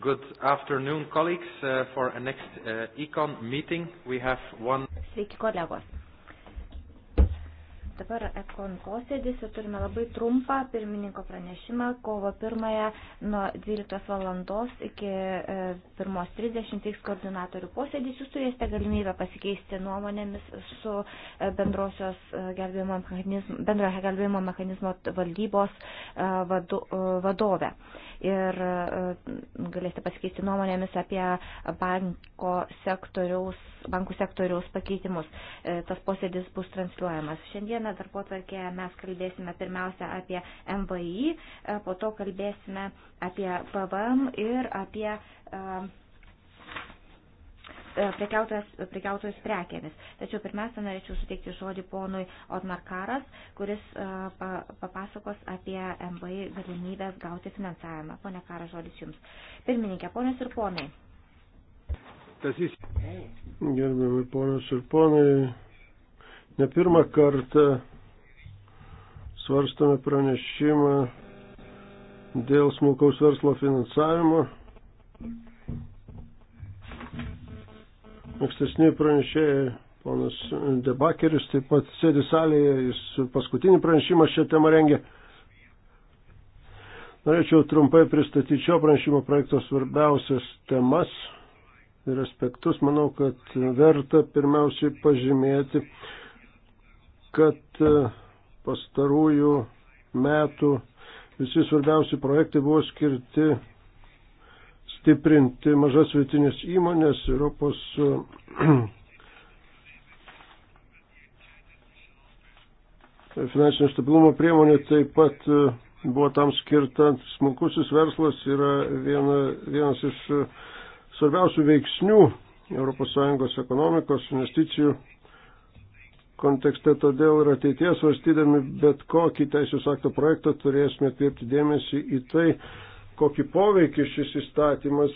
Good afternoon, colleagues, uh, for a next uh, econ meeting. We have one. Sveiki, kolegos. Dabar ekon posėdis ir turime labai trumpą pirmininko pranešimą. Kovo 1-ąją nuo 12 valandos iki 1.30 e, vyks koordinatorių posėdis. Jūs turėsite galimybę pasikeisti nuomonėmis su e, bendrosios e, gelbėjimo mechanizmo, bendrojo gelbėjimo mechanizmo valdybos vadu, vadove ir e, galėsite pasikeisti nuomonėmis apie banko sektoriaus, bankų sektoriaus pakeitimus. E, tas posėdis bus transliuojamas. Šiandieną darbo tvarkėje mes kalbėsime pirmiausia apie MVI, e, po to kalbėsime apie PVM ir apie E, prekiautojus prekėmis. Tačiau pirmiausia, norėčiau suteikti žodį ponui Otmar Karas, kuris e, papasakos apie MBI galimybės gauti finansavimą. Pone Karas, žodis jums. Pirmininkė, ponės ir ponai. Gerbiami ponės ir ponai, ne pirmą kartą svarstame pranešimą dėl smulkaus verslo finansavimo. Thank you ankstesni pranešėjai, ponas Debakeris taip pat sėdi salėje, jis paskutinį pranešimą šią temą rengė. Norėčiau trumpai pristatyti šio pranešimo projekto svarbiausias temas ir aspektus. Manau, kad verta pirmiausiai pažymėti, kad e, pastarųjų metų visi svarbiausi projektai buvo skirti stiprinti mažas vietinės įmonės Europos finansinio stabilumo priemonė taip pat e, buvo tam skirta. Smulkusis verslas yra viena, vienas iš e, svarbiausių veiksnių ES ekonomikos investicijų kontekste. Todėl ir ateities varstydami bet kokį teisės akto projektą turėsime atkreipti dėmesį į tai, kokį poveikį šis įstatymas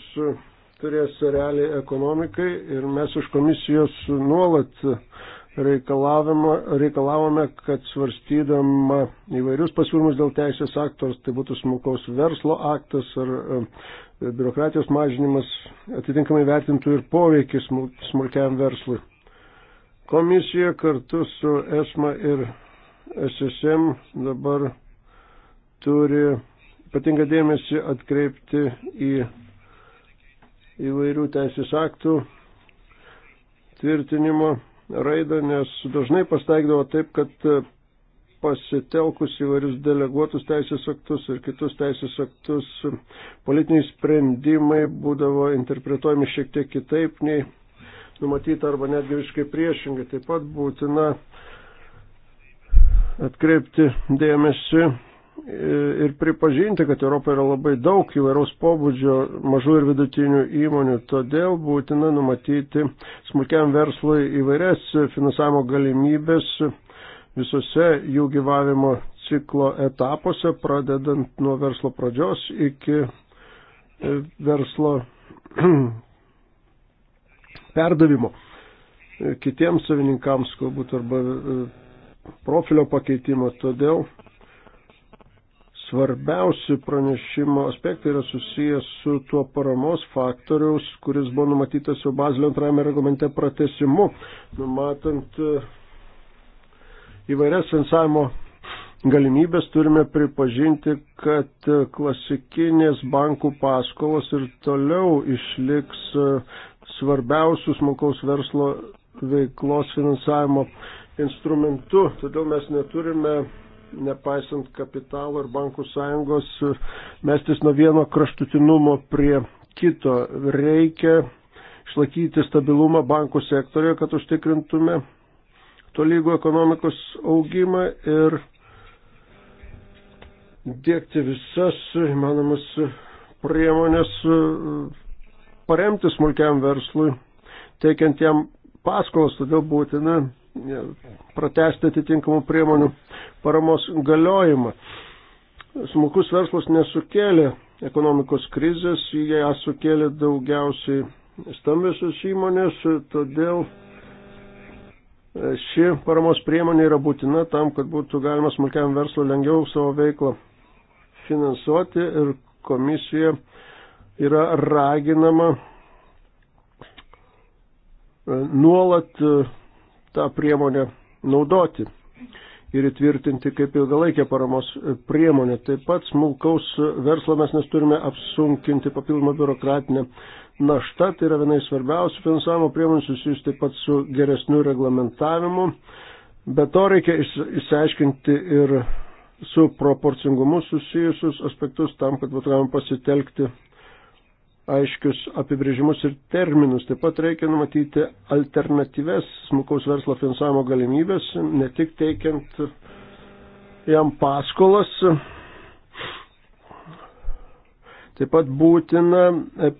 turės realiai ekonomikai ir mes iš komisijos nuolat reikalavome, kad svarstydama įvairius pasiūlymus dėl teisės aktos, tai būtų smulkaus verslo aktas ar e, biurokratijos mažinimas, atitinkamai vertintų ir poveikį smulkiam verslui. Komisija kartu su ESMA ir SSM dabar turi patinga dėmesį atkreipti į įvairių teisės aktų tvirtinimo raidą, nes dažnai pastaigdavo taip, kad pasitelkus įvairius deleguotus teisės aktus ir kitus teisės aktus, politiniai sprendimai būdavo interpretuojami šiek tiek kitaip nei numatyta arba netgi visiškai priešingai. Taip pat būtina atkreipti dėmesį ir pripažinti, kad Europoje yra labai daug įvairaus pobūdžio mažų ir vidutinių įmonių, todėl būtina numatyti smulkiam verslui įvairias finansavimo galimybės visose jų gyvavimo ciklo etapuose, pradedant nuo verslo pradžios iki e, verslo perdavimo e, kitiems savininkams, galbūt arba e, profilio pakeitimo. Todėl svarbiausi pranešimo aspektai yra susijęs su tuo paramos faktoriaus, kuris buvo numatytas jau Bazilio antrajame reglamente pratesimu, numatant e, įvairias finansavimo galimybės turime pripažinti, kad klasikinės bankų paskolos ir toliau išliks e, svarbiausių smulkaus verslo veiklos finansavimo instrumentu. Todėl mes neturime nepaisant kapitalo ir bankų sąjungos, mestis nuo vieno kraštutinumo prie kito. Reikia išlaikyti stabilumą bankų sektorioje, kad užtikrintume tolygų ekonomikos augimą ir dėkti visas įmanomas priemonės paremti smulkiam verslui, teikiant jam paskolas, todėl būtina pratesti atitinkamų priemonių paramos galiojimą. Smukus verslas nesukėlė ekonomikos krizės, ją sukėlė daugiausiai stambiosios įmonės, todėl e, ši paramos priemonė yra būtina tam, kad būtų galima smulkiam verslo lengviau savo veiklą finansuoti ir komisija yra raginama e, nuolat e, tą priemonę naudoti ir įtvirtinti kaip ilgalaikę paramos priemonę. Taip pat smulkaus verslo mes nes turime apsunkinti papildomą biurokratinę naštą. Tai yra viena iš svarbiausių finansavimo priemonių susijusi taip pat su geresniu reglamentavimu. Be to reikia išsiaiškinti ir su proporcingumu susijusius aspektus tam, kad būtų galima pasitelkti aiškius apibrėžimus ir terminus. Taip pat reikia numatyti alternatyves smukaus verslo finansavimo galimybės, ne tik teikiant jam paskolas. Taip pat būtina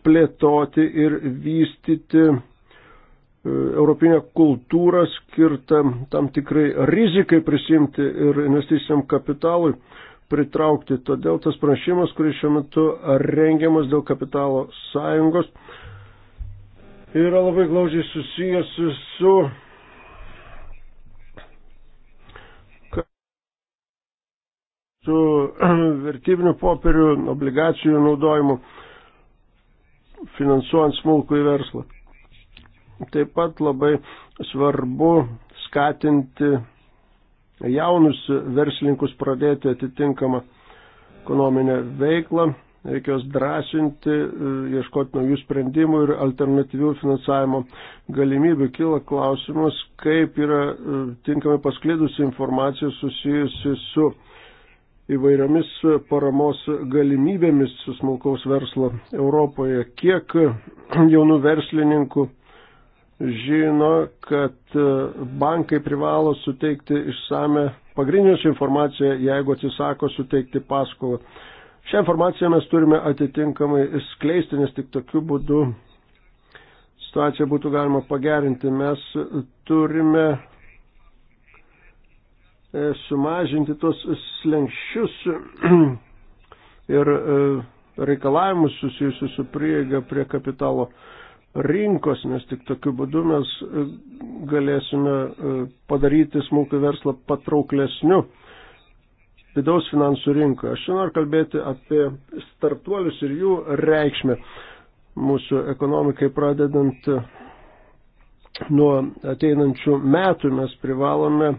plėtoti ir vystyti e, europinę kultūrą skirtą tam tikrai rizikai prisimti ir investiciniam kapitalui pritraukti. Todėl tas pranešimas, kuris šiuo metu rengiamas dėl kapitalo sąjungos, yra labai glaužiai susijęs su su vertybinių popierių, obligacijų naudojimu, finansuojant smulkų į verslą. Taip pat labai svarbu skatinti jaunus verslininkus pradėti atitinkamą ekonominę veiklą, reikia juos drąsinti, e, ieškoti naujų sprendimų ir alternatyvių finansavimo galimybių. Kila klausimas, kaip yra e, tinkamai pasklidusi informacija susijusi su įvairiomis paramos galimybėmis smulkaus verslo Europoje, kiek jaunų verslininkų žino, kad e, bankai privalo suteikti išsame pagrindinės informaciją, jeigu atsisako suteikti paskolą. Šią informaciją mes turime atitinkamai skleisti, nes tik tokiu būdu situaciją būtų galima pagerinti. Mes turime e, sumažinti tuos slengščius ir e, reikalavimus susijusius su prieiga prie kapitalo rinkos, nes tik tokiu būdu mes e, galėsime e, padaryti smulkų verslą patrauklesniu vidaus finansų rinką. Aš noriu kalbėti apie startuolius ir jų reikšmę mūsų ekonomikai pradedant e, nuo ateinančių metų mes privalome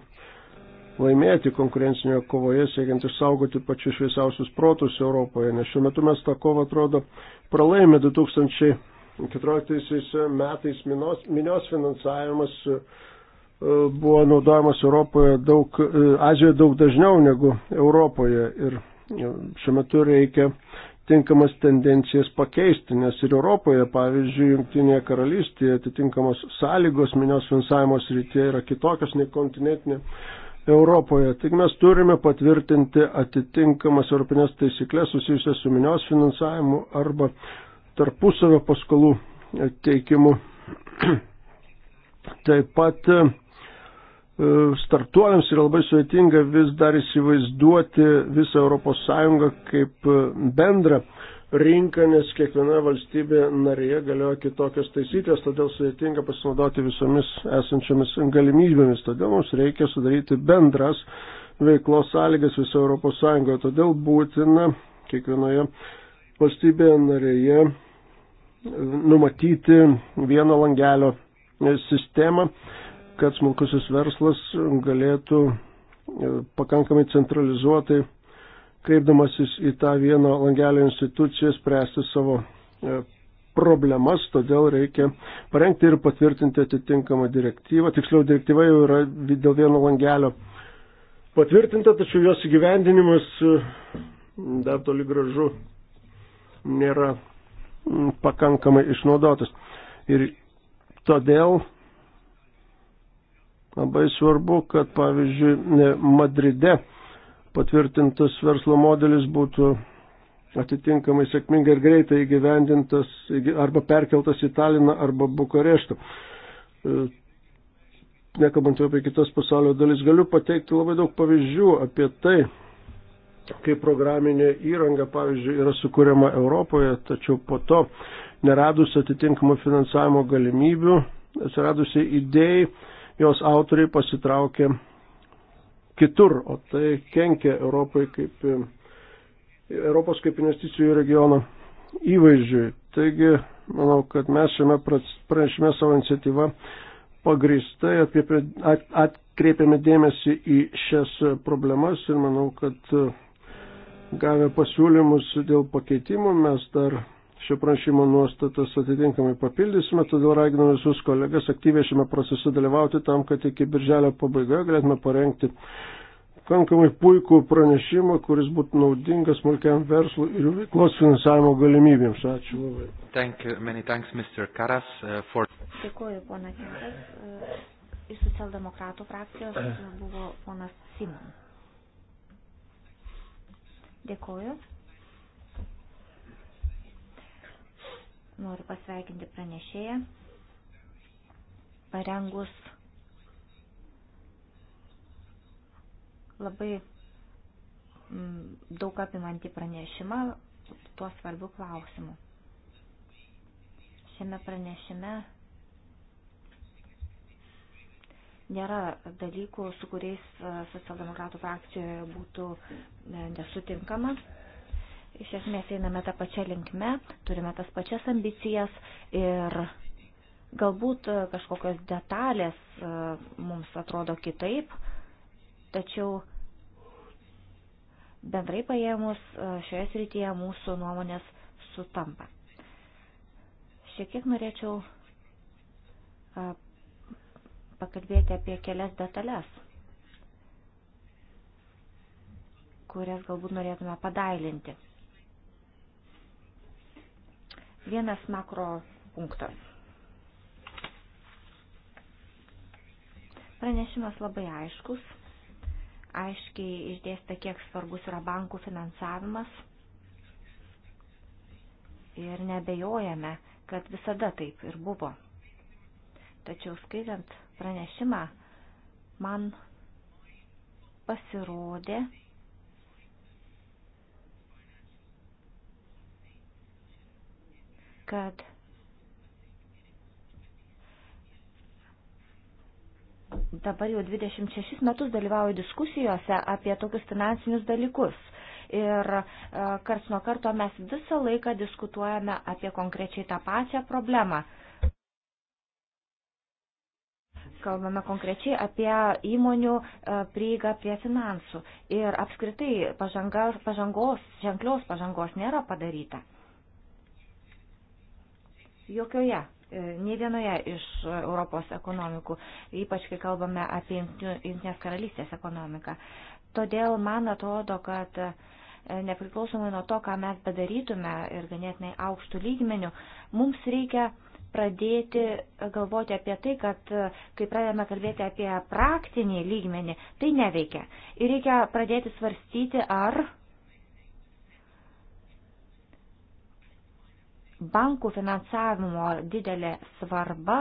laimėti konkurencinėje kovoje, siekiant išsaugoti pačius šviesiausius protus Europoje, nes šiuo metu mes tą kovą atrodo pralaimė 2000. 14 metais minos, minios finansavimas e, buvo naudojamas Europoje daug, e, Azijoje daug dažniau negu Europoje ir e, šiuo metu reikia atitinkamas tendencijas pakeisti, nes ir Europoje, pavyzdžiui, Junktinėje karalystėje atitinkamos sąlygos minios finansavimo srityje yra kitokios nei kontinentinė Europoje. Tik mes turime patvirtinti atitinkamas europinės taisyklės susijusias su minios finansavimu arba tarpusavio paskolų teikimu. Taip pat e, startuoliams yra labai sudėtinga vis dar įsivaizduoti visą ES kaip e, bendrą rinką, nes kiekviena valstybė narėje galioja kitokios taisyklės, todėl sudėtinga pasinaudoti visomis esančiomis galimybėmis. Todėl mums reikia sudaryti bendras veiklos sąlygas viso ES, todėl būtina kiekvienoje valstybėje narėje numatyti vieno langelio sistemą, kad smulkusis verslas galėtų e, pakankamai centralizuotai, kreipdamasis į tą vieno langelio instituciją, spręsti savo e, problemas, todėl reikia parengti ir patvirtinti atitinkamą direktyvą. Tiksliau, direktyva jau yra dėl vieno langelio patvirtinta, tačiau jos įgyvendinimas e, dar toli gražu nėra mm, pakankamai išnaudotas. Ir todėl labai svarbu, kad pavyzdžiui Madride patvirtintas verslo modelis būtų atitinkamai sėkmingai ir greitai įgyvendintas arba perkeltas į Taliną arba Bukareštą. E, nekalbant apie kitas pasaulio dalis, galiu pateikti labai daug pavyzdžių apie tai, kai programinė įranga, pavyzdžiui, yra sukūriama Europoje, tačiau po to neradus atitinkamo finansavimo galimybių, atsiradusiai idėjai, jos autoriai pasitraukė kitur, o tai kenkia Europai kaip, Europos kaip investicijų regiono įvaizdžiui. Taigi, manau, kad mes šiame pranešime savo iniciatyvą pagristai atkreipėme dėmesį į šias problemas ir manau, kad gavę pasiūlymus dėl pakeitimų, mes dar šio prašymo nuostatas atitinkamai papildysime, todėl raginame visus kolegas aktyviai šiame procese dalyvauti tam, kad iki birželio pabaigoje galėtume parengti pakankamai puikų pranešimą, kuris būtų naudingas smulkiam verslui ir veiklos finansavimo galimybėms. Ačiū labai. Thank you, many thanks, Mr. Karas, uh, for... Dėkuoju, ponas Karas. Uh, iš socialdemokratų frakcijos buvo ponas Simon. Dėkuoju. Noriu pasveikinti pranešėją. Parengus labai mm, daug apimantį pranešimą tuo svarbiu klausimu. Šiame pranešime Nėra dalykų, su kuriais e, socialdemokratų frakcijoje būtų e, nesutinkama. Iš esmės einame tą pačią linkmę, turime tas pačias ambicijas ir galbūt e, kažkokios detalės mums atrodo kitaip, tačiau bendrai paėmus šioje srityje mūsų nuomonės sutampa. Šiek tiek norėčiau pakalbėti apie kelias detalės, kurias galbūt norėtume padailinti. Vienas makro punktas. Pranešimas labai aiškus, aiškiai išdėsta, kiek svarbus yra bankų finansavimas ir nebejojame, kad visada taip ir buvo. Tačiau skaitant pranešimą, man pasirodė, kad dabar jau 26 metus dalyvauju diskusijose apie tokius finansinius dalykus. Ir e, kars nuo karto mes visą laiką diskutuojame apie konkrečiai tą pačią problemą kalbame konkrečiai apie įmonių e, prieigą prie finansų. Ir apskritai pažanga, pažangos, ženklios pažangos nėra padaryta. Jokioje, e, nei vienoje iš Europos ekonomikų, ypač kai kalbame apie Junktinės karalystės ekonomiką. Todėl man atrodo, kad e, nepriklausomai nuo to, ką mes padarytume ir ganėtinai aukštų lygmenių, mums reikia uh, pradėti galvoti apie tai, kad e, kai pradedame kalbėti apie praktinį lygmenį, tai neveikia. Ir reikia pradėti svarstyti, ar bankų finansavimo didelė svarba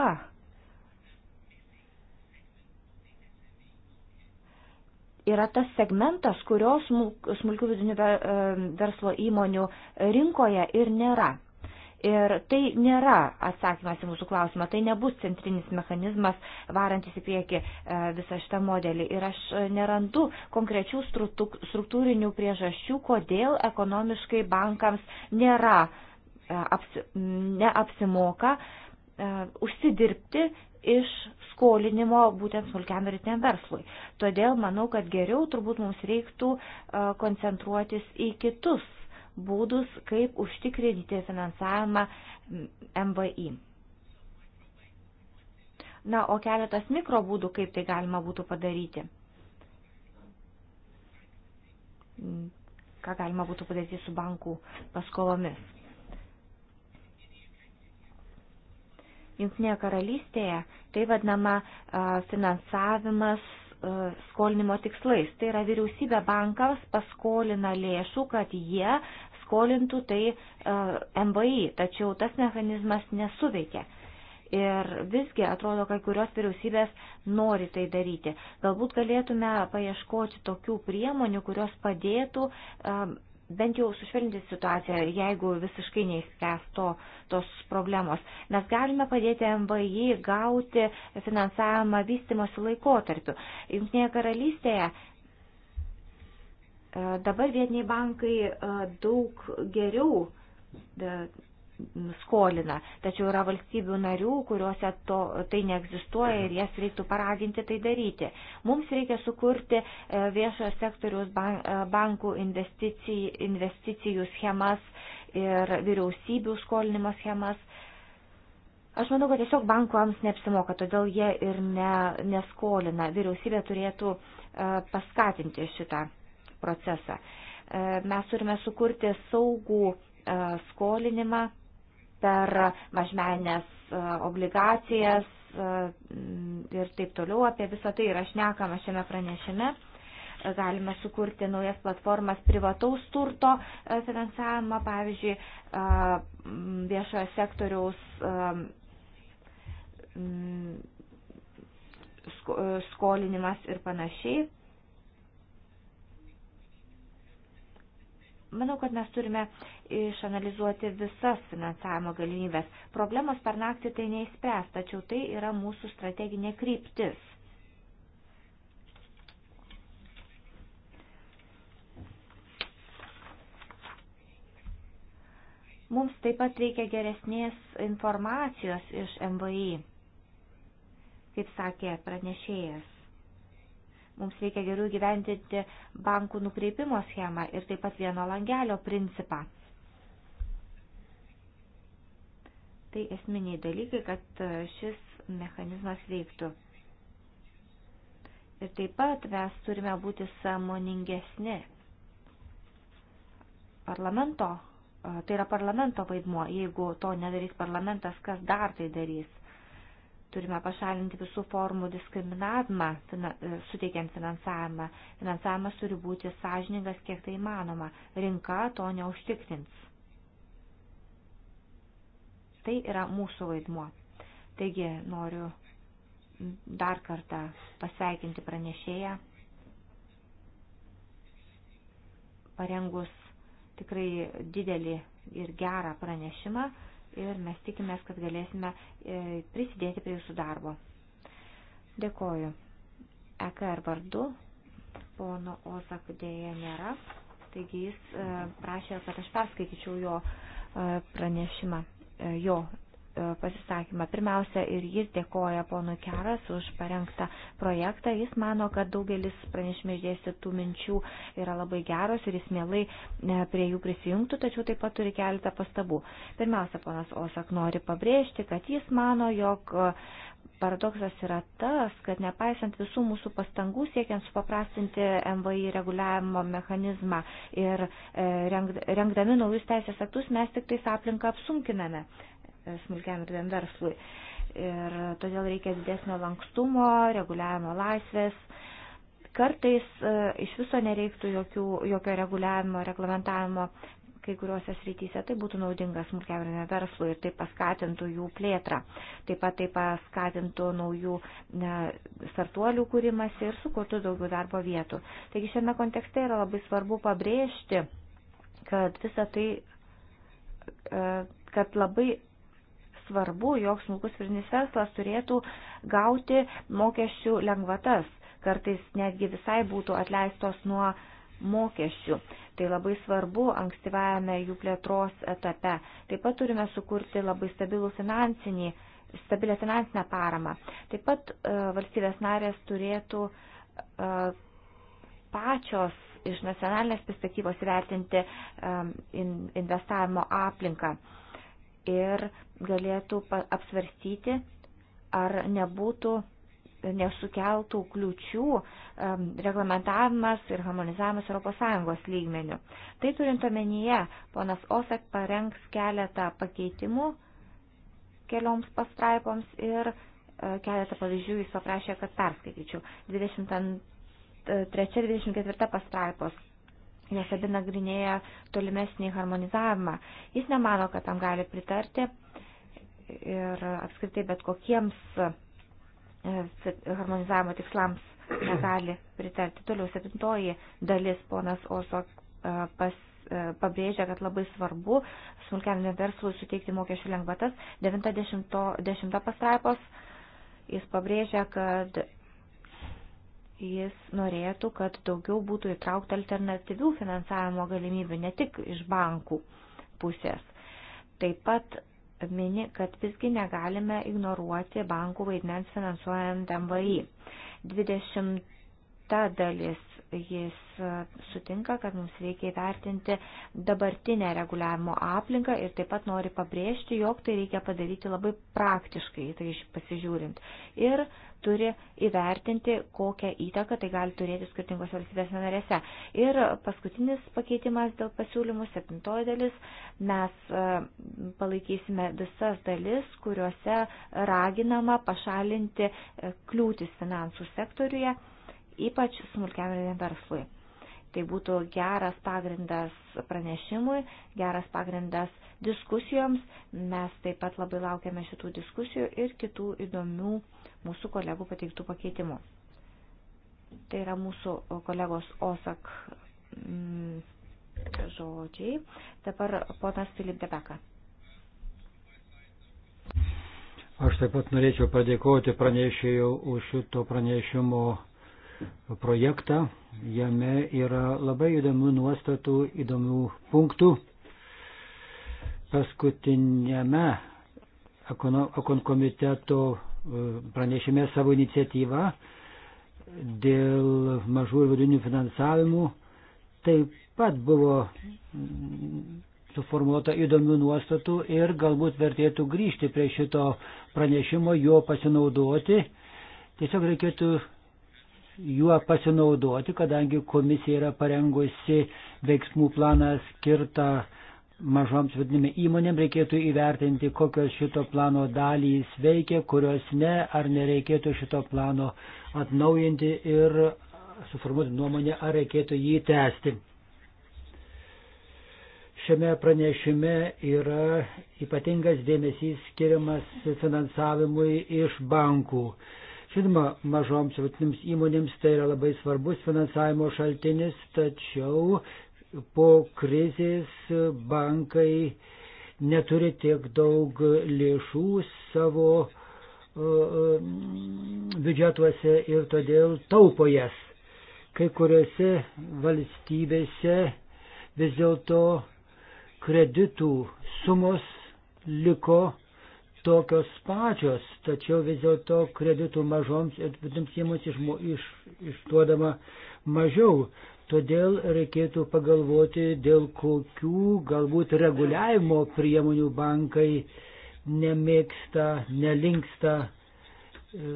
yra tas segmentas, kurios smulkių vidinių e, verslo įmonių rinkoje ir nėra. Ir tai nėra atsakymas į mūsų klausimą, tai nebus centrinis mechanizmas varantis į priekį e, visą šitą modelį. Ir aš e, nerandu konkrečių struktūrinių priežasčių, kodėl ekonomiškai bankams nėra e, apsi, neapsimoka užsidirbti iš skolinimo būtent smulkiam ir rytiniam verslui. Todėl manau, kad geriau turbūt mums reiktų koncentruotis į kitus būdus, kaip užtikrinti finansavimą MVI. Na, o keletas mikrobūdų, kaip tai galima būtų padaryti. Ką galima būtų padaryti su bankų paskolomis. Junktinėje karalystėje tai vadinama finansavimas skolinimo tikslais. Tai yra vyriausybė bankams paskolina lėšų, kad jie skolintų tai e, MBI, tačiau tas mechanizmas nesuveikia. Ir visgi atrodo, kai kurios vyriausybės nori tai daryti. Galbūt galėtume paieškoti tokių priemonių, kurios padėtų e, bent jau sušvelninti situaciją, jeigu visiškai neįskęs to, tos problemos. Mes galime padėti MVI gauti finansavimą vystimosi laikotarpiu. Junktinėje karalystėje E, dabar vietiniai bankai e, daug geriau e, skolina, tačiau yra valstybių narių, kuriuose to, tai neegzistuoja ir jas reiktų paraginti tai daryti. Mums reikia sukurti viešojo sektoriaus bankų investicijų, investicijų schemas ir vyriausybių skolinimo schemas. Aš manau, kad tiesiog bankams neapsimoka, todėl jie ir ne, neskolina. Vyriausybė turėtų paskatinti šitą procesą. E, mes turime sukurti saugų e, skolinimą per mažmenės e, obligacijas ir taip toliau. Apie visą tai yra šnekama šiame pranešime galime sukurti naujas platformas privataus turto finansavimą, pavyzdžiui, viešojo sektoriaus skolinimas ir panašiai. Manau, kad mes turime išanalizuoti visas finansavimo galimybės. Problemos per naktį tai neįspręs, tačiau tai yra mūsų strateginė kryptis. Mums taip pat reikia geresnės informacijos iš MVI, kaip sakė pranešėjas. Mums reikia geriau gyventinti bankų nukreipimo schemą ir taip pat vieno langelio principą. Tai esminiai dalykai, kad e, šis mechanizmas veiktų. Ir taip pat mes turime būti samoningesni. Parlamento, e, tai yra parlamento vaidmuo. Jeigu to nedarys parlamentas, kas dar tai darys? Turime pašalinti visų formų diskriminavimą, fina, e, suteikiant finansavimą. Finansavimas turi būti sąžiningas, kiek tai įmanoma. Rinka to neužtikrins. Tai yra mūsų vaidmuo. Taigi noriu dar kartą pasveikinti pranešėją, parengus tikrai didelį ir gerą pranešimą ir mes tikimės, kad galėsime e, prisidėti prie jūsų darbo. Dėkoju. EKR vardu, pono Ozak dėja nėra, taigi jis e, prašė, kad aš perskaityčiau jo e, pranešimą, jo E, pasisakymą. Pirmiausia, ir jis dėkoja ponui Keras už parengtą projektą. Jis mano, kad daugelis pranešime išdėstytų minčių yra labai geros ir jis mielai e, prie jų prisijungtų, tačiau taip pat turi keletą pastabų. Pirmiausia, ponas Osak nori pabrėžti, kad jis mano, jog e, Paradoksas yra tas, kad nepaisant visų mūsų pastangų siekiant supaprastinti MVI reguliavimo mechanizmą ir rengdami naujus teisės aktus, mes tik tais aplinką apsunkiname. E, smulkiam ir dviem verslui. Ir todėl reikia didesnio lankstumo, reguliavimo laisvės. Kartais e, iš viso nereiktų jokių, jokio reguliavimo, reglamentavimo kai kuriuose srityse. Tai būtų naudinga smulkiam ir dviem verslui ir tai paskatintų jų plėtrą. Taip pat tai paskatintų naujų e, startuolių kūrimas ir sukurtų daugiau darbo vietų. Taigi šiame kontekste yra labai svarbu pabrėžti, kad visa tai kad labai svarbu, jog smulkus vidinis verslas turėtų gauti mokesčių lengvatas, kartais netgi visai būtų atleistos nuo mokesčių. Tai labai svarbu ankstyvajame jų plėtros etape. Taip pat turime sukurti labai stabilų finansinį, stabilę finansinę paramą. Taip pat e, valstybės narės turėtų e, pačios iš nacionalinės perspektyvos įvertinti e, in, investavimo aplinką. E, ir galėtų apsvarstyti, ar nebūtų, nesukeltų kliučių um, reglamentavimas ir harmonizavimas ES lygmenių. Tai turint omenyje, ponas Osek parengs keletą pakeitimų kelioms pastraipoms ir uh, keletą pavyzdžių jis paprašė, kad perskaityčiau. 23-24 e, pastraipos jos abi nagrinėja tolimesnį harmonizavimą. Jis nemano, kad tam gali pritarti ir apskritai bet kokiems e, harmonizavimo tikslams negali pritarti. Toliau septintoji dalis ponas Oso e, pas, e, pabrėžia, kad labai svarbu smulkiam verslui suteikti mokesčių lengvatas. 90 pastraipos jis pabrėžia, kad jis norėtų, kad daugiau būtų įtraukta alternatyvių finansavimo galimybių, ne tik iš bankų pusės. Taip pat mini, kad visgi negalime ignoruoti bankų vaidmens finansuojant MVI. 20 kita dalis. Jis e, sutinka, kad mums reikia įvertinti dabartinę reguliavimo aplinką ir taip pat nori pabrėžti, jog tai reikia padaryti labai praktiškai, tai pasižiūrint. Ir turi įvertinti, kokią įtaką tai gali turėti skirtingos valstybės narėse. Ir paskutinis pakeitimas dėl pasiūlymų, septintoji dalis, mes e, palaikysime visas dalis, kuriuose raginama pašalinti e, kliūtis finansų sektoriuje ypač smulkiam ir verslui. Tai būtų geras pagrindas pranešimui, geras pagrindas diskusijoms. Mes taip pat labai laukiame šitų diskusijų ir kitų įdomių mūsų kolegų pateiktų pakeitimų. Tai yra mūsų kolegos Osak mm, žodžiai. Dabar ponas Filip Debeka. Aš taip pat norėčiau padėkoti pranešėjau už šito pranešimo projektą. Jame yra labai įdomių nuostatų, įdomių punktų. Paskutinėme Ekon komiteto e, pranešime savo iniciatyvą dėl mažų ir vidinių finansavimų taip pat buvo mm, suformuota įdomių nuostatų ir galbūt vertėtų grįžti prie šito pranešimo, jo pasinaudoti. Tiesiog reikėtų juo pasinaudoti, kadangi komisija yra parengusi veiksmų planą skirtą mažoms vidinėm įmonėm, reikėtų įvertinti, kokios šito plano dalys veikia, kurios ne, ar nereikėtų šito plano atnaujinti ir suformuoti nuomonę, ar reikėtų jį tęsti. Šiame pranešime yra ypatingas dėmesys skiriamas finansavimui iš bankų. Žinoma, mažoms ir vidutinėms įmonėms tai yra labai svarbus finansavimo šaltinis, tačiau po krizės bankai neturi tiek daug lėšų savo uh, biudžetuose ir todėl taupo jas. Kai kuriuose valstybėse vis dėlto kreditų sumos liko tokios pačios, tačiau vis dėlto kreditų mažoms ir vidutiniams įmonėms iš, išduodama mažiau. Todėl reikėtų pagalvoti, dėl kokių galbūt reguliavimo priemonių bankai nemėgsta, nelinksta e,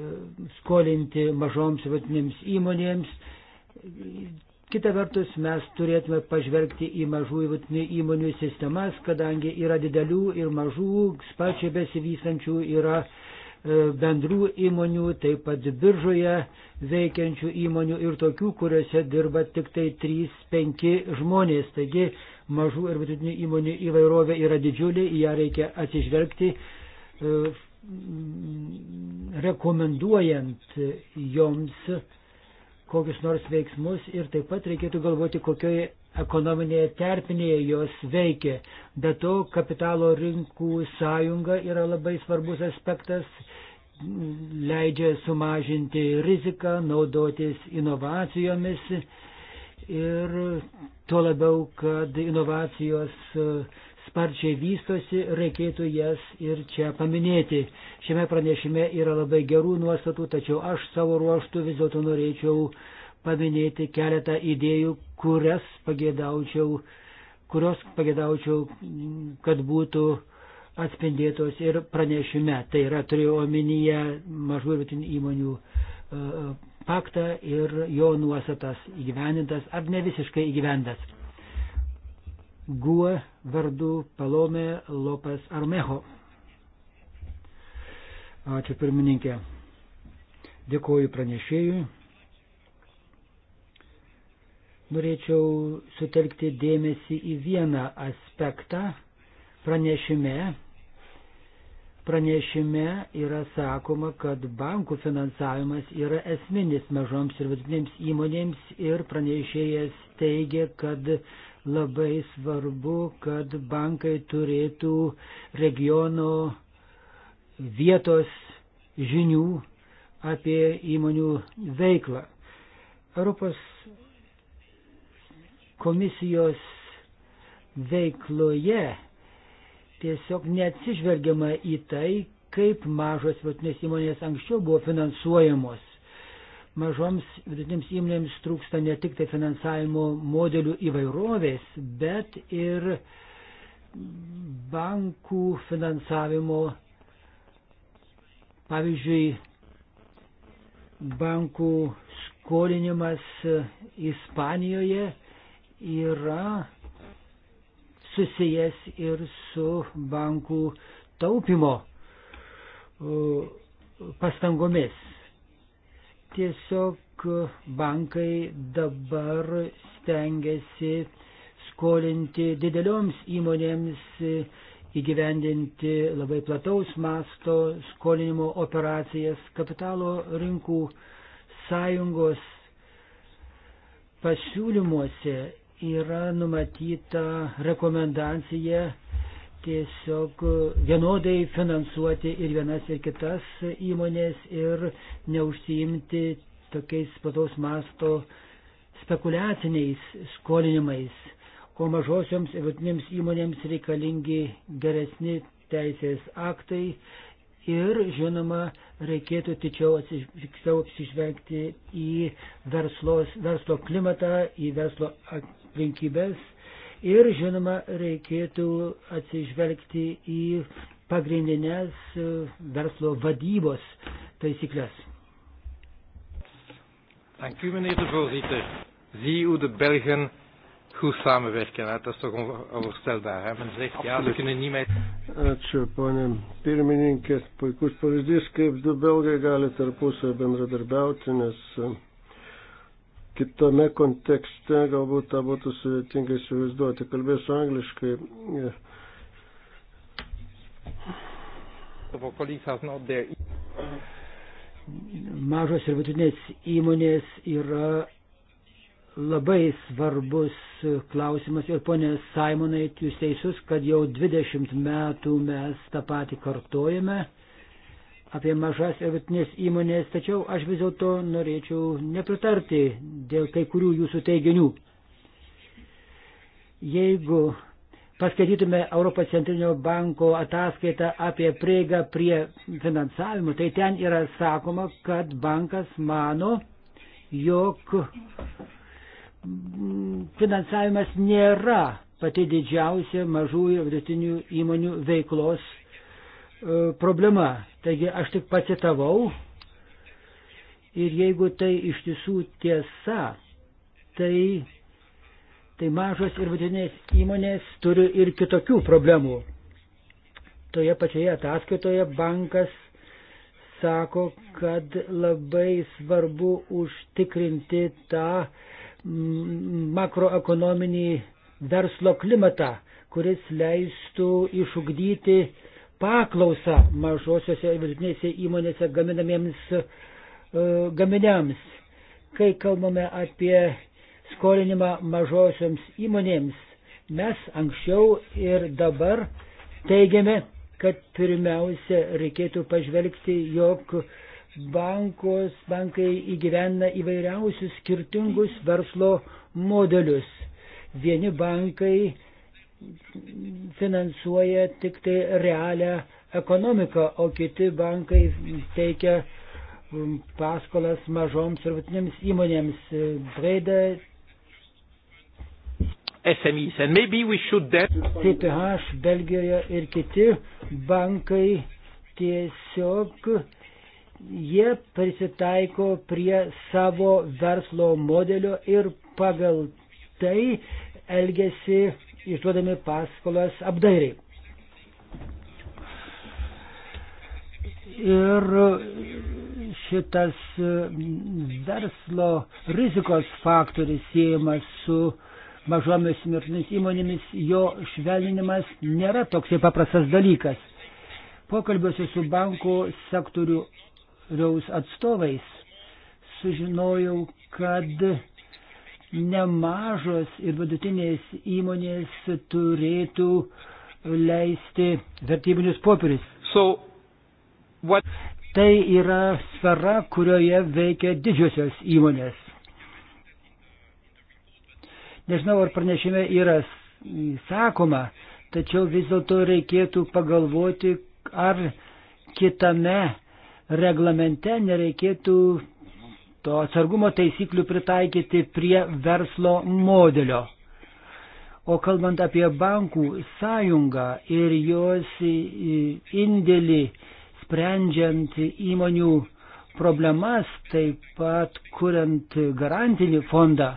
skolinti mažoms ir vidutinėms įmonėms Kita vertus, mes turėtume pažvelgti į mažų įvatinių įmonių sistemas, kadangi yra didelių ir mažų, sparčiai besivystančių, yra e, bendrų įmonių, taip pat biržoje veikiančių įmonių ir tokių, kuriuose dirba tik tai 3-5 žmonės. Taigi mažų ir vidutinių įmonių įvairovė yra didžiulė, į ją reikia atsižvelgti, e, rekomenduojant joms kokius nors veiksmus ir taip pat reikėtų galvoti, kokioje ekonominėje terpinėje jos veikia. Be to, kapitalo rinkų sąjunga yra labai svarbus aspektas, leidžia sumažinti riziką, naudotis inovacijomis ir tuo labiau, kad inovacijos sparčiai vystosi, reikėtų jas ir čia paminėti. Šiame pranešime yra labai gerų nuostatų, tačiau aš savo ruoštų vis dėlto norėčiau paminėti keletą idėjų, kurias pagėdaučiau, kurios pagėdaučiau, kad būtų atspindėtos ir pranešime. Tai yra turiu omenyje mažų ir vidutinių įmonių e, e, paktą ir jo nuostatas įgyvendintas ar ne visiškai įgyvendintas. GUE vardu Palome Lopes Armeho. Ačiū pirmininkė. Dėkuoju pranešėjui. Norėčiau sutelkti dėmesį į vieną aspektą pranešime. Pranešime yra sakoma, kad bankų finansavimas yra esminis mažoms ir vidutinėms įmonėms ir pranešėjas teigia, kad labai svarbu, kad bankai turėtų regiono vietos žinių apie įmonių veiklą. Europos komisijos veikloje tiesiog neatsižvelgiama į tai, kaip mažos vietinės įmonės anksčiau buvo finansuojamos. Mažoms vidutinėms įmonėms trūksta ne tik tai finansavimo modelių įvairovės, bet ir bankų finansavimo, pavyzdžiui, bankų skolinimas Ispanijoje yra susijęs ir su bankų taupimo uh, pastangomis. Tiesiog bankai dabar stengiasi skolinti didelioms įmonėms įgyvendinti labai plataus masto skolinimo operacijas kapitalo rinkų sąjungos pasiūlymuose yra numatyta rekomendacija tiesiog vienodai finansuoti ir vienas ir kitas įmonės ir neužsiimti tokiais plataus masto spekuliaciniais skolinimais, o mažosioms ir vidutinėms įmonėms reikalingi geresni teisės aktai ir, žinoma, reikėtų tičiau atsižvelgti į verslos, verslo klimatą, į verslo aplinkybės Ir žinoma, reikėtų atsižvelgti į pagrindinės e, verslo vadybos taisyklės. Dank u, meneer de voorzitter. Zie hoe de Belgen goed samenwerken. Hè? Dat is toch onvoorstelbaar. Hè? Men zegt, ja, ze kunnen niet meer... Ačiū, ponė pirmininkė. Puikus pavyzdys, kaip du belgai gali tarpusavį bendradarbiauti, nes kitame kontekste galbūt tą būtų sudėtinga įsivaizduoti. Kalbėsiu angliškai. E- Mažos ir vidutinės įmonės yra labai svarbus klausimas ir ponė Simonai, jūs teisus, kad jau 20 metų mes tą patį kartojame apie mažas ir vidutinės įmonės, tačiau aš vis dėlto norėčiau nepritarti dėl kai kurių jūsų teiginių. Jeigu paskaitytume Europos centrinio banko ataskaitą apie prieigą prie finansavimo, tai ten yra sakoma, kad bankas mano, jog finansavimas nėra pati didžiausia mažų ir vidutinių įmonių veiklos E, problema. Taigi aš tik pacitavau ir jeigu tai iš tiesų tiesa, tai, tai mažos ir vidutinės įmonės turi ir kitokių problemų. Toje pačioje ataskaitoje bankas sako, kad labai svarbu užtikrinti tą mm, makroekonominį verslo klimatą, kuris leistų išugdyti uh, paklausą mažosiuose ir vidutinėse įmonėse gaminamiems e, gaminiams. Kai kalbame apie skolinimą mažosioms įmonėms, mes anksčiau ir dabar teigiame, kad pirmiausia reikėtų pažvelgti, jog bankos, bankai įgyvena įvairiausius skirtingus verslo modelius. Vieni bankai finansuoja tik tai realią ekonomiką, o kiti bankai teikia um, paskolas mažoms ir vidutinėms įmonėms. Breda. SMEs. E. And maybe we should then... CPH, Belgijoje ir kiti bankai tiesiog jie prisitaiko prie savo verslo modelio ir pagal tai elgesi išduodami paskolas apdairiai. Ir šitas verslo rizikos faktorius siejamas su mažomis mirtinis įmonėmis, jo švelninimas nėra toksai paprastas dalykas. Pokalbiuose su bankų sektorių atstovais sužinojau, kad nemažos ir vidutinės įmonės turėtų leisti vertybinius popierius. So, what... Tai yra sfera, kurioje veikia didžiosios įmonės. Nežinau, ar pranešime yra sakoma, tačiau vis dėlto reikėtų pagalvoti, ar kitame reglamente nereikėtų to atsargumo taisyklių pritaikyti prie verslo modelio. O kalbant apie bankų sąjungą ir jos indėlį sprendžiant įmonių problemas, taip pat kuriant garantinį fondą,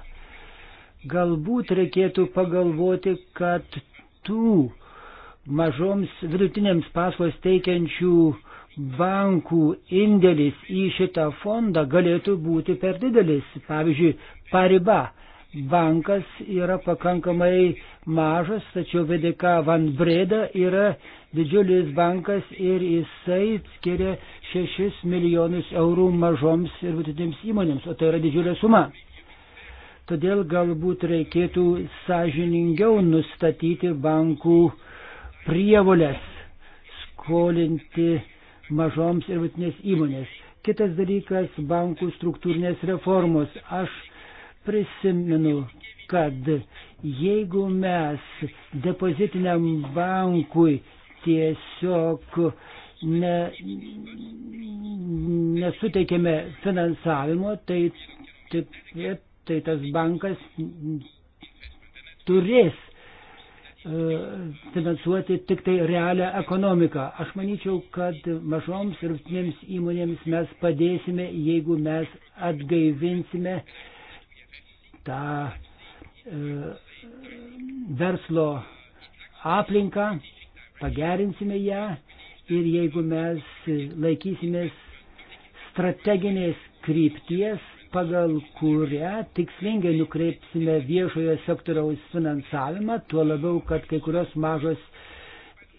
galbūt reikėtų pagalvoti, kad tų mažoms vidutinėms paslaugos teikiančių bankų indėlis į šitą fondą galėtų būti per didelis. Pavyzdžiui, pariba. Bankas yra pakankamai mažas, tačiau VDK Van Breda yra didžiulis bankas ir jisai skiria 6 milijonus eurų mažoms ir vidutinėms įmonėms, o tai yra didžiulė suma. Todėl galbūt reikėtų sąžiningiau nustatyti bankų prievolės skolinti mažoms ir vidutinės įmonės. Kitas dalykas - bankų struktūrinės reformos. Aš prisimenu, kad jeigu mes depozitiniam bankui tiesiog ne, nesuteikėme finansavimo, tai, tai, tai tas bankas turės E, finansuoti tik tai realią ekonomiką. Aš manyčiau, kad mažoms ir vidutinėms įmonėms mes padėsime, jeigu mes atgaivinsime tą e, verslo aplinką, pagerinsime ją ir jeigu mes laikysimės strateginės krypties, pagal kurią tikslingai nukreipsime viešojo sektoriaus finansavimą, tuo labiau, kad kai kurios mažos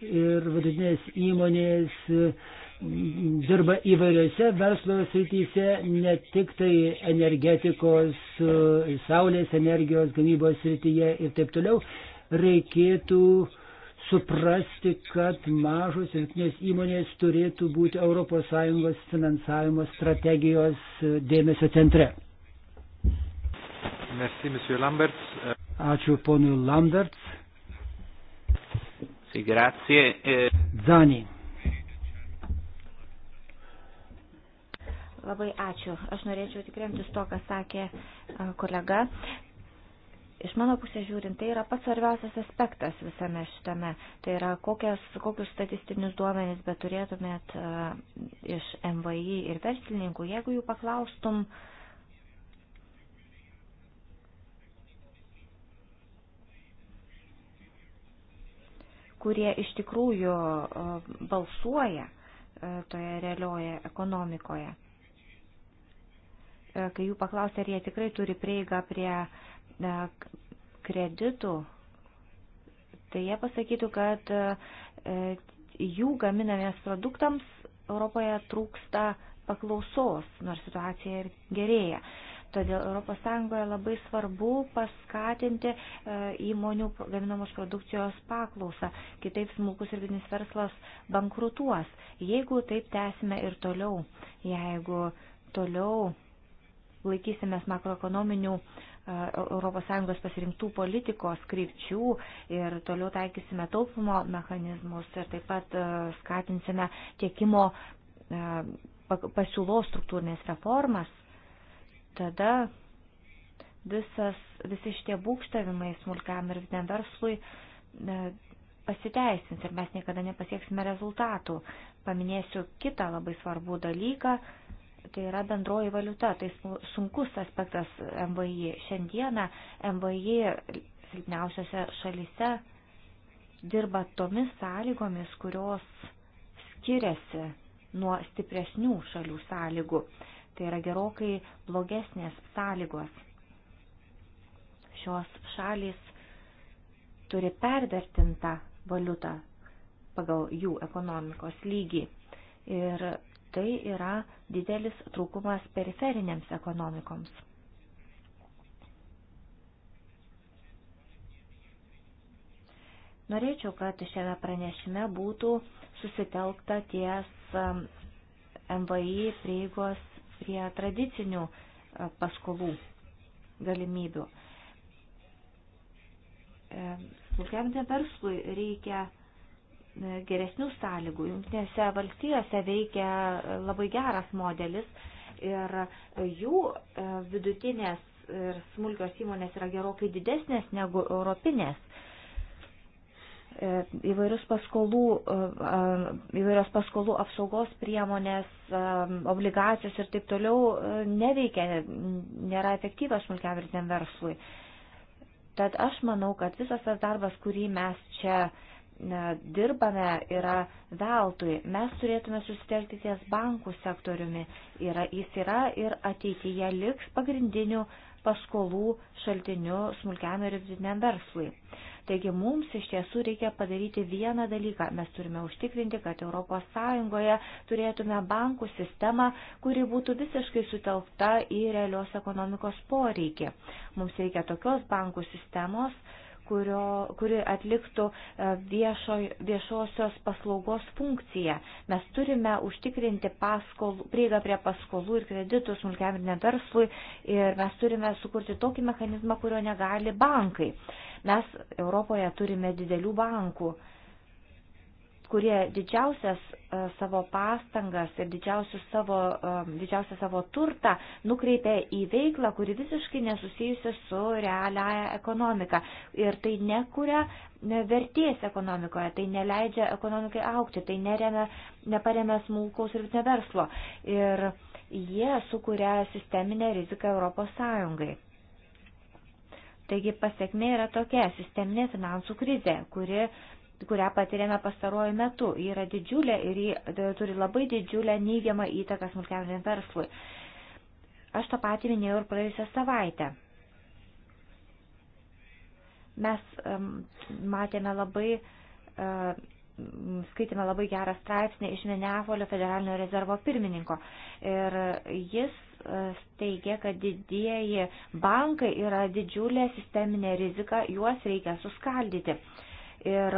ir vidutinės įmonės mm, dirba įvairiose verslo srityse, ne tik tai energetikos, saulės energijos gamybos srityje ir taip toliau, reikėtų uh, suprasti, kad mažos ir vidutinės įmonės turėtų būti ES finansavimo strategijos e, dėmesio centre. Merci, Monsieur Lamberts. Ačiū ponui Lamberts. Sì, grazie. E- Zani. Labai ačiū. Aš norėčiau tik remtis to, ką sakė e, kolega. Iš mano pusės žiūrint, tai yra pats svarbiausias aspektas visame šitame. Tai yra, kokias, kokius statistinius duomenys bet turėtumėt uh, e, iš MVI ir verslininkų, jeigu jų paklaustum. kurie iš tikrųjų uh, balsuoja uh, toje realioje ekonomikoje. Uh, kai jų paklausia, ar jie tikrai turi prieigą prie uh, E, kreditų, tai jie pasakytų, kad e, jų gaminamės produktams Europoje trūksta paklausos, nors situacija ir gerėja. Todėl ES labai svarbu paskatinti e, įmonių gaminamos produkcijos paklausą. Kitaip smulkus ir vidinis verslas bankrutuos. Jeigu taip tęsime ir toliau, jeigu toliau laikysimės makroekonominių E, ES pasirinktų politikos krypčių ir toliau taikysime taupimo mechanizmus ir taip pat e, skatinsime tiekimo e, pasiūlos struktūrinės reformas, tada visas, visi šitie būkštavimai smulkiam ir vidiniam verslui pasiteisins ir mes niekada nepasieksime rezultatų. Paminėsiu kitą labai svarbų dalyką tai yra bendroji valiuta, tai sunkus aspektas MVI. Šiandieną MVI silpniausiose šalise dirba tomis sąlygomis, kurios skiriasi nuo stipresnių šalių sąlygų. Tai yra gerokai blogesnės sąlygos. Šios šalys turi pervertintą valiutą pagal jų ekonomikos lygį. Ir tai yra didelis trūkumas periferinėms ekonomikoms. Norėčiau, kad šiame pranešime būtų susitelkta ties MVI um, prieigos prie tradicinių uh, paskolų galimybių. Smulkiam verslui reikia geresnių sąlygų. Junktinėse valstijose veikia labai geras modelis ir jų e, vidutinės ir smulkios įmonės yra gerokai didesnės negu europinės. E, įvairius paskolų, e, įvairios paskolų apsaugos priemonės, obligacijos ir taip toliau neveikia, nėra efektyvios smulkiam ir verslui. Tad aš manau, kad visas tas darbas, kurį mes čia uh, dirbame, yra veltui. Mes turėtume susitelkti ties bankų sektoriumi. Yra, jis yra ir ateityje liks pagrindiniu paskolų šaltiniu smulkiam ir vidutiniam verslui. Taigi mums iš tiesų reikia padaryti vieną dalyką. Mes turime užtikrinti, kad ES turėtume bankų sistemą, kuri būtų visiškai sutelkta į realios ekonomikos poreikį. Mums reikia tokios bankų sistemos, kurio, kuri atliktų e, viešo, viešosios paslaugos funkciją. Mes turime užtikrinti paskolų, prieigą prie paskolų ir kreditų smulkiam ir neverslui ir mes turime sukurti tokį mechanizmą, kurio negali bankai. Mes Europoje turime didelių bankų kurie didžiausias e, savo pastangas ir savo, e, didžiausią savo turtą nukreipia į veiklą, kuri visiškai nesusijusi su realiaja ekonomika. Ir tai nekuria vertės ekonomikoje, tai neleidžia ekonomikai aukti, tai neremia, neparemia smulkaus ir vidutinio verslo. Ir jie sukuria sisteminę riziką Europos Sąjungai. Taigi pasiekmė yra tokia - sisteminė finansų krizė, kuri uh, kurią patiriame pastaruoju metu. Ji yra didžiulė ir ji e, turi labai didžiulę neigiamą įtaką smulkiam verslui. Aš tą patį minėjau ir praėjusią savaitę. Mes um, matėme labai, uh, skaitėme labai gerą straipsnį iš Mineapolio federalinio rezervo pirmininko. Ir jis e, teigia, kad didieji bankai yra didžiulė sisteminė rizika, juos reikia suskaldyti. Uh, Ir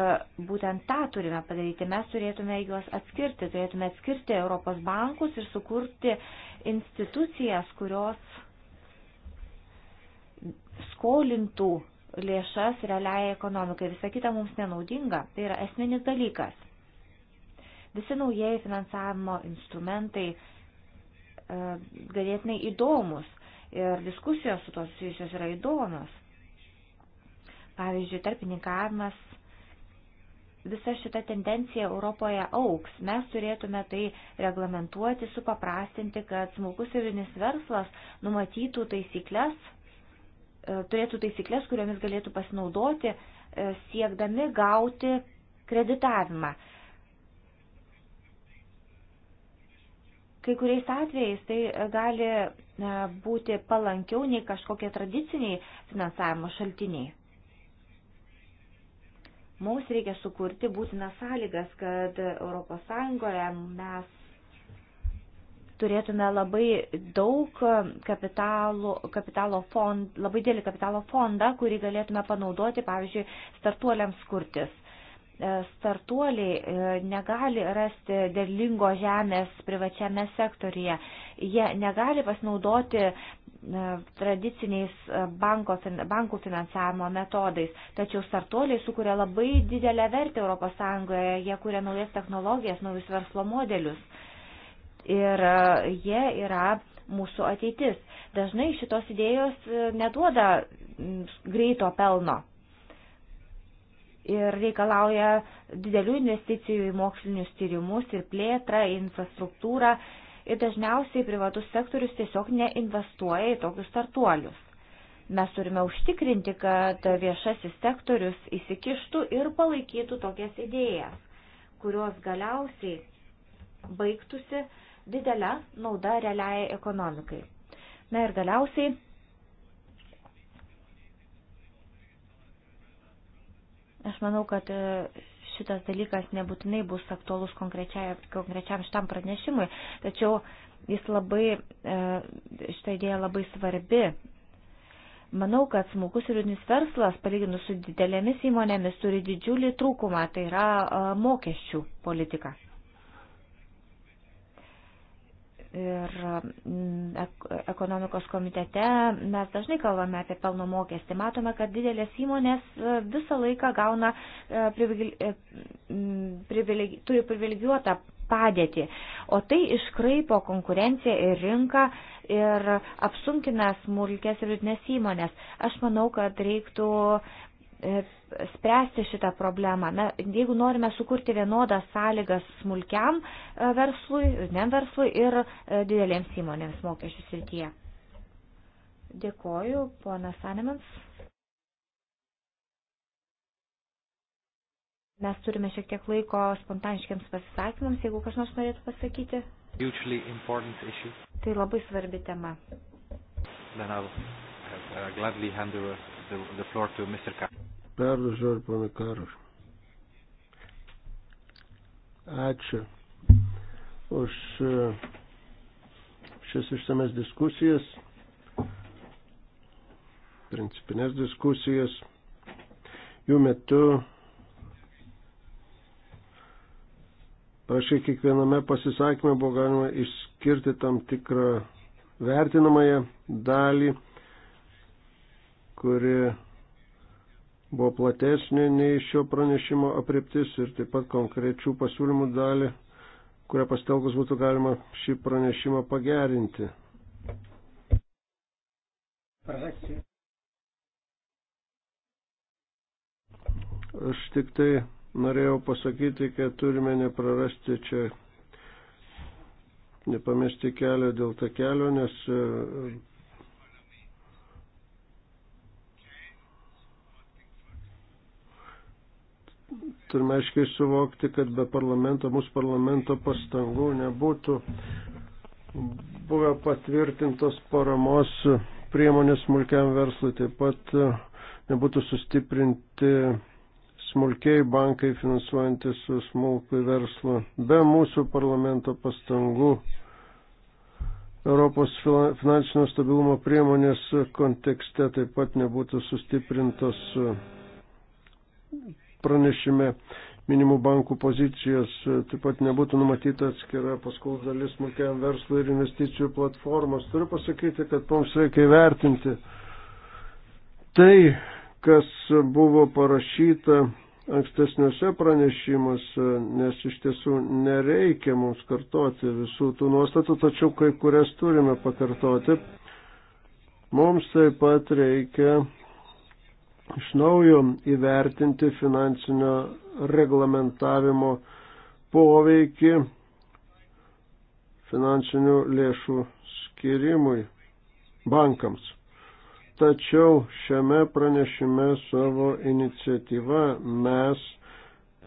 būtent tą turime padaryti. Mes turėtume juos atskirti, turėtume atskirti Europos bankus ir sukurti institucijas, kurios skolintų lėšas realiai ekonomikai. Visa kita mums nenaudinga. Tai yra esminis dalykas. Visi naujieji finansavimo instrumentai e, ganėtinai įdomus ir diskusijos su tos susijusios yra įdomios. Pavyzdžiui, tarpininkavimas visa šita tendencija Europoje auks. Mes turėtume tai reglamentuoti, supaprastinti, kad smulkus ir vienis verslas numatytų taisyklės, e, turėtų taisyklės, kuriomis galėtų pasinaudoti, e, siekdami gauti kreditavimą. Kai kuriais atvejais tai e, gali būti palankiau nei kažkokie tradiciniai finansavimo šaltiniai. Mums reikia sukurti būtinas sąlygas, kad ES mes turėtume labai daug kapitalo, kapitalo fond, labai didelį kapitalo fondą, kurį galėtume panaudoti, pavyzdžiui, startuoliams kurtis. E, startuoliai e, negali rasti derlingo žemės privačiame sektorija. Jie negali pasinaudoti e, tradiciniais banko, bankų finansavimo metodais. Tačiau startuoliai sukuria labai didelę vertę ES, jie kuria naujas technologijas, naujus verslo modelius. Ir jie yra mūsų ateitis. Dažnai šitos idėjos neduoda greito pelno ir reikalauja didelių investicijų į mokslinius tyrimus ir plėtrą, infrastruktūrą ir dažniausiai privatus sektorius tiesiog neinvestuoja į tokius startuolius. Mes turime užtikrinti, kad viešasis sektorius įsikištų ir palaikytų tokias idėjas, kurios galiausiai baigtųsi didelę naudą realiai ekonomikai. Na ir galiausiai Aš manau, kad e, šitas dalykas nebūtinai bus aktuolus konkrečiam šitam pranešimui, tačiau jis labai, e, šitą idėją labai svarbi. Manau, kad smulkus ir judinis verslas, palyginus su didelėmis įmonėmis, turi didžiulį trūkumą, tai yra e, mokesčių politika. Ir mm, ekonomikos komitete mes dažnai kalbame apie pelno mokestį. Matome, kad didelės įmonės e, visą laiką gauna, privil... E, privil... E, mm, turi privilegijuotą padėtį. O tai iškraipo konkurenciją ir rinką ir apsunkina smulkės ir vidinės įmonės. Aš manau, kad reiktų E, spręsti šitą problemą. Na, jeigu norime sukurti vienodas sąlygas smulkiam e, verslui, ne verslui ir e, didelėms įmonėms mokesčių srityje. Dėkoju, ponas Anemans. Mes turime šiek tiek laiko spontaniškiams pasisakymams, jeigu kas nors norėtų pasakyti. Tai labai svarbi tema. Uh, the, the perdu žodį ponui Karus. Ačiū už eh, šias išsames diskusijas, principinės diskusijas. Jų metu prašai kiekviename pasisakymė buvo galima išskirti tam tikrą vertinamąją dalį, kuri buvo platesnė nei šio pranešimo apriptis ir taip pat konkrečių pasiūlymų dalį, kurią pastelgus būtų galima šį pranešimą pagerinti. Aš tik tai norėjau pasakyti, kad turime neprarasti čia, nepamesti kelio dėl tą kelio, nes turime aiškiai suvokti, kad be parlamento, mūsų parlamento pastangų nebūtų buvę patvirtintos paramos priemonės smulkiam verslui, taip pat e, nebūtų sustiprinti smulkiai bankai finansuojantis su smulkų verslą. Be mūsų parlamento pastangų Europos finansinio stabilumo priemonės kontekste taip pat nebūtų sustiprintos pranešime minimų bankų pozicijos, e, taip pat nebūtų numatyta atskira paskolų dalis smulkiam verslui ir investicijų platformos. Turiu pasakyti, kad mums reikia įvertinti tai, kas buvo parašyta ankstesniuose pranešimuose, nes iš tiesų nereikia mums kartoti visų tų nuostatų, tačiau kai kurias turime pakartoti. Mums taip pat reikia iš naujo įvertinti finansinio reglamentavimo poveikį finansinių lėšų skirimui bankams. Tačiau šiame pranešime savo iniciatyva mes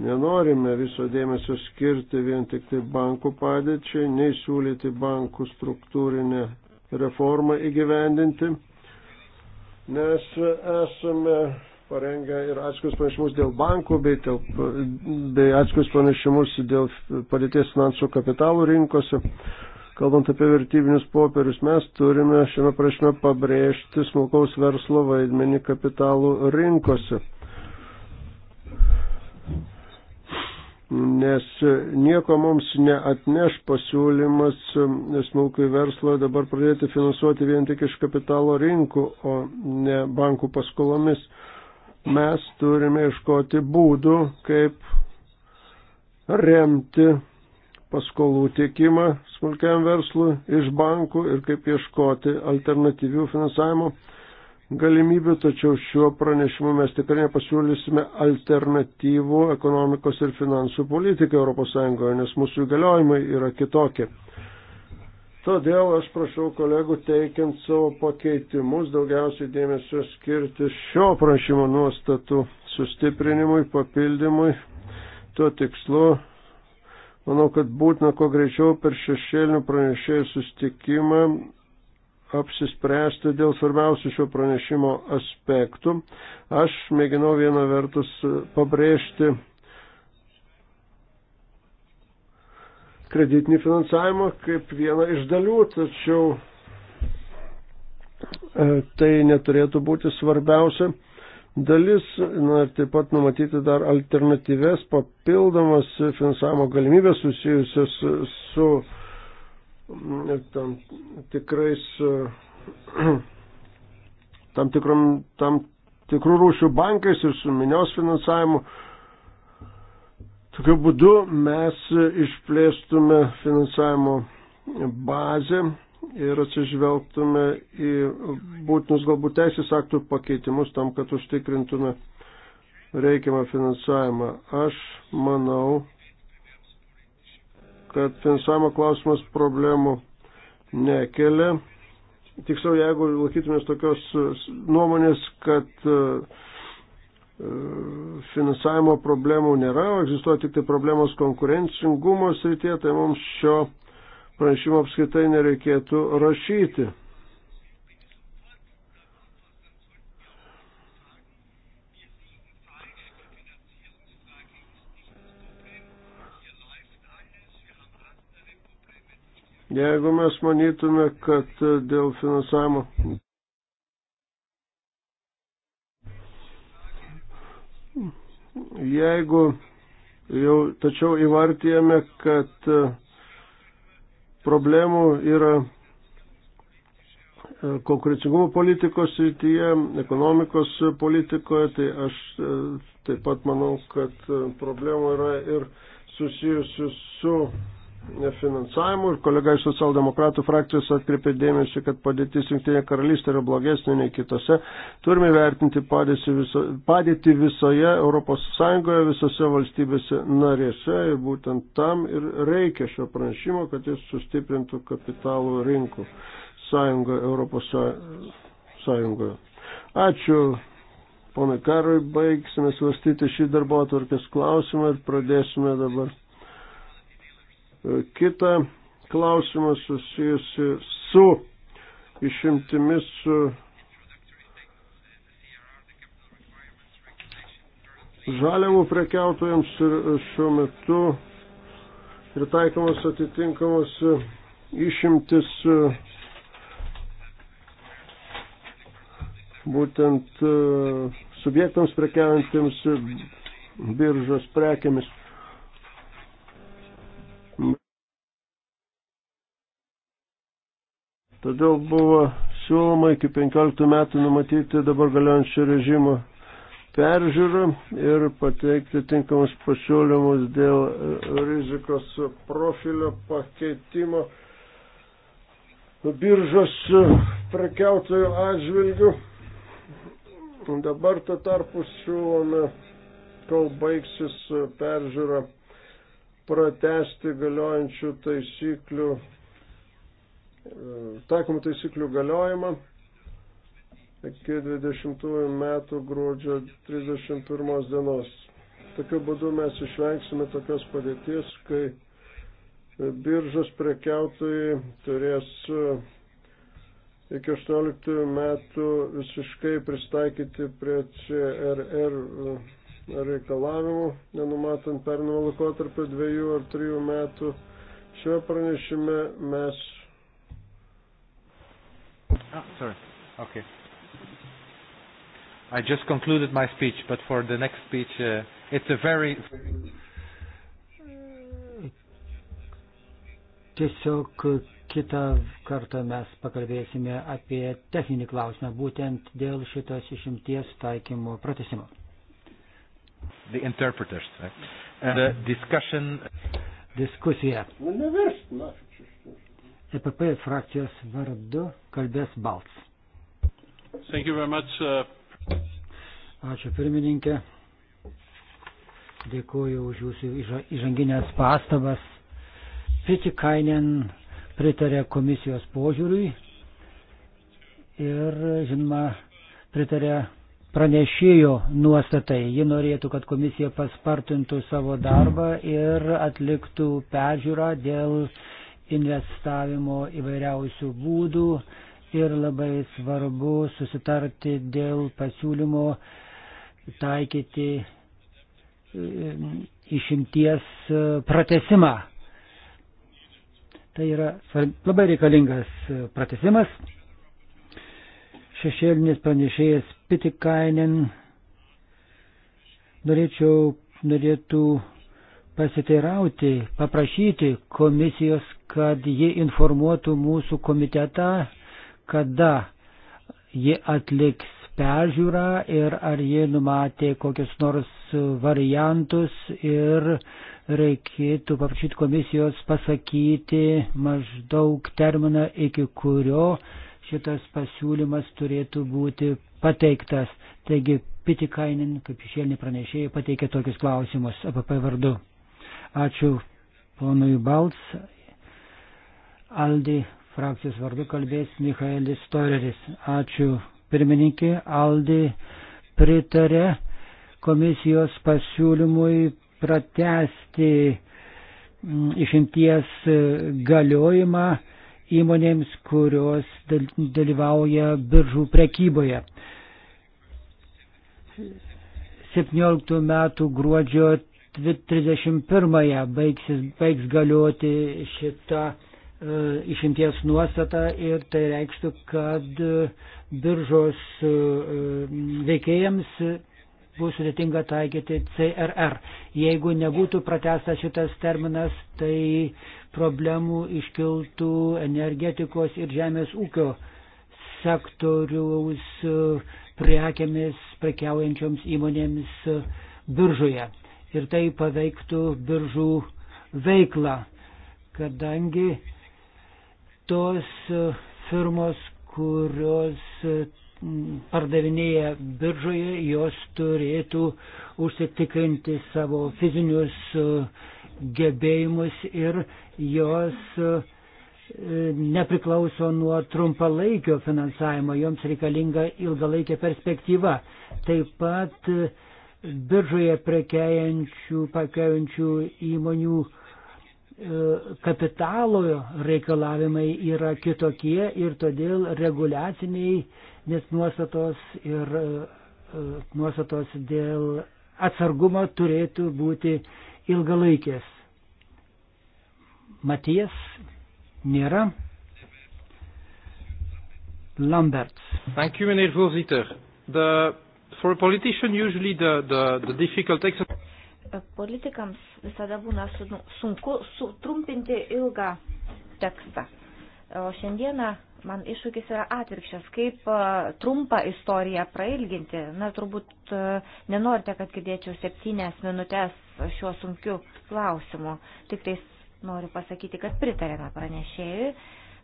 nenorime viso dėmesio skirti vien tik tai bankų padėčiai, nei siūlyti bankų struktūrinę reformą įgyvendinti nes esame parengę ir atskirius pranešimus dėl bankų, bei, dėl, bei atskirius pranešimus dėl padėties finansų kapitalų rinkose. Kalbant apie vertybinius popierius, mes turime šiame prašyme pabrėžti smulkaus verslo vaidmenį kapitalų rinkose nes nieko mums neatneš pasiūlymas smulkui verslo dabar pradėti finansuoti vien tik iš kapitalo rinkų, o ne bankų paskolomis. Mes turime iškoti būdų, kaip remti paskolų tiekimą smulkiam verslui iš bankų ir kaip ieškoti alternatyvių finansavimo galimybių, tačiau šiuo pranešimu mes tikrai nepasiūlysime alternatyvų ekonomikos ir finansų politikai ES, nes mūsų įgaliojimai yra kitokie. Todėl aš prašau kolegų teikiant savo pakeitimus daugiausiai dėmesio skirti šio prašymo nuostatų sustiprinimui, papildymui, tuo tikslu. Manau, kad būtina kuo greičiau per šešėlinių pranešėjų sustikimą apsispręsti dėl svarbiausių šio pranešimo aspektų. Aš mėginau vieną vertus pabrėžti kreditinį finansavimą kaip vieną iš dalių, tačiau e, tai neturėtų būti svarbiausia dalis, na ir taip pat numatyti dar alternatyves papildomas finansavimo galimybės susijusias su, su tam tikrais, tam, tikram, tam tikrų rūšių bankais ir su minios finansavimu. Tokiu būdu mes išplėstume finansavimo bazę ir atsižvelgtume į būtinus galbūt teisės aktų pakeitimus tam, kad užtikrintume reikiamą finansavimą. Aš manau, kad finansavimo klausimas problemų nekelia. Tiksliau, jeigu laikytumės tokios nuomonės, kad e, finansavimo problemų nėra, o egzistuoja tik tai problemos konkurencingumo srityje, tai mums šio pranešimo apskaitai nereikėtų rašyti. Jeigu mes manytume, kad e, dėl finansavimo. Jeigu jau tačiau įvartijame, kad e, problemų yra e, konkurencingumo politikos srityje, ekonomikos politikoje, tai aš taip pat manau, kad problemų yra ir susijusių su finansavimu ir kolega iš socialdemokratų frakcijos atkreipė dėmesį, kad padėtis Junktinėje karalystėje yra blogesnė nei kitose. Turime vertinti padėtį, viso, padėtį visoje ES, visose valstybėse narėse ir būtent tam ir reikia šio pranešimo, kad jis sustiprintų kapitalų rinkų sąjungą Europos sąjungoje. Ačiū. Pone Karui, baigsime svarstyti šį darbo atvarkės klausimą ir pradėsime dabar Kita klausimas susijusi su išimtimis su e, žaliavų prekiautojams ir šiuo metu ir taikomas atitinkamos e, išimtis e, būtent subjektams prekiaujantiems biržos prekiamis. Todėl buvo siūloma iki 15 metų numatyti dabar galiojančio režimo peržiūrą ir pateikti tinkamus pasiūlymus dėl e, rizikos profilio pakeitimo biržos prekiautojų atžvilgių. Dabar to tarpu siūlome, kol baigsis peržiūra, pratesti galiojančių taisyklių taikomų taisyklių galiojimą iki 20 metų gruodžio 31 dienos. Tokiu būdu mes išvengsime tokios padėties, kai biržos prekiautojai turės e, iki 18 metų visiškai pristaikyti prie CRR e, reikalavimų, nenumatant pernamo laikotarpio dviejų ar trijų metų. Šioje pranešime mes Oh, sorry. Okay. I just concluded my speech, but for the next speech, uh, it's a very. Tiesiog kitą kartą mes pakalbėsime apie techninį klausimą, būtent dėl šitos išimties taikymo pratesimo. The interpreters. Right? Uh, the discussion. Diskusija. Neverst, mačiau. EPP frakcijos vardu kalbės Balts. Thank you very much. Uh... Ačiū pirmininkė. Dėkuoju už jūsų įžanginės pastabas. Pitikainen pritarė komisijos požiūriui ir, žinoma, pritarė pranešėjo nuostatai. Ji norėtų, kad komisija paspartintų savo darbą ir atliktų peržiūrą dėl uh, investavimo įvairiausių būdų ir labai svarbu susitarti dėl pasiūlymo taikyti e, išimties e, pratesimą. Tai yra labai reikalingas e, pratesimas. Šešėlinis pranešėjas Pitikainen norėčiau, norėtų pasiteirauti, paprašyti komisijos, kad ji informuotų mūsų komitetą, kada ji atliks peržiūrą ir ar ji numatė kokius nors variantus ir reikėtų paprašyti komisijos pasakyti maždaug terminą, iki kurio šitas pasiūlymas turėtų būti pateiktas. Taigi Pitikainin, kaip šėlinį pranešėjai, pateikė tokius klausimus APP vardu. Ačiū ponui Balts Aldi frakcijos vardu kalbės Michaelis Toreris. Ačiū pirmininkė. Aldi pritarė komisijos pasiūlymui pratesti mm, išimties galiojimą įmonėms, kurios dalyvauja biržų prekyboje. 17 metų gruodžio 31 baigsis, baigs galioti šita išimties nuostata ir tai reikštų, kad biržos e, veikėjams bus sudėtinga taikyti CRR. Jeigu nebūtų pratestas šitas terminas, tai problemų iškiltų energetikos ir žemės ūkio sektoriaus e, prekiamis prekiaujančioms įmonėms e, biržoje. Ir tai paveiktų biržų veiklą, kadangi tos e, firmos, kurios e, pardavinėja biržoje, jos turėtų užsitikrinti savo fizinius e, gebėjimus ir jos nepriklauso nuo trumpalaikio finansavimo, joms reikalinga ilgalaikė perspektyva. Taip pat biržoje prekiaujančių įmonių E, kapitalo reikalavimai yra kitokie ir todėl reguliaciniai nes nuostatos ir e, e, nuostatos dėl atsargumo turėtų būti ilgalaikės. Matijas nėra. Lamberts. Thank you, meneer voorzitter. The, for a politician, usually the, the, the difficult exercise politikams visada būna nu, sunku sutrumpinti ilgą tekstą. O šiandieną man iššūkis yra atvirkščias, kaip e, trumpą istoriją prailginti. Na, turbūt e, nenorite, kad girdėčiau septynės minutės šiuo sunkiu klausimu. Tik tais noriu pasakyti, kad pritarėme pranešėjui.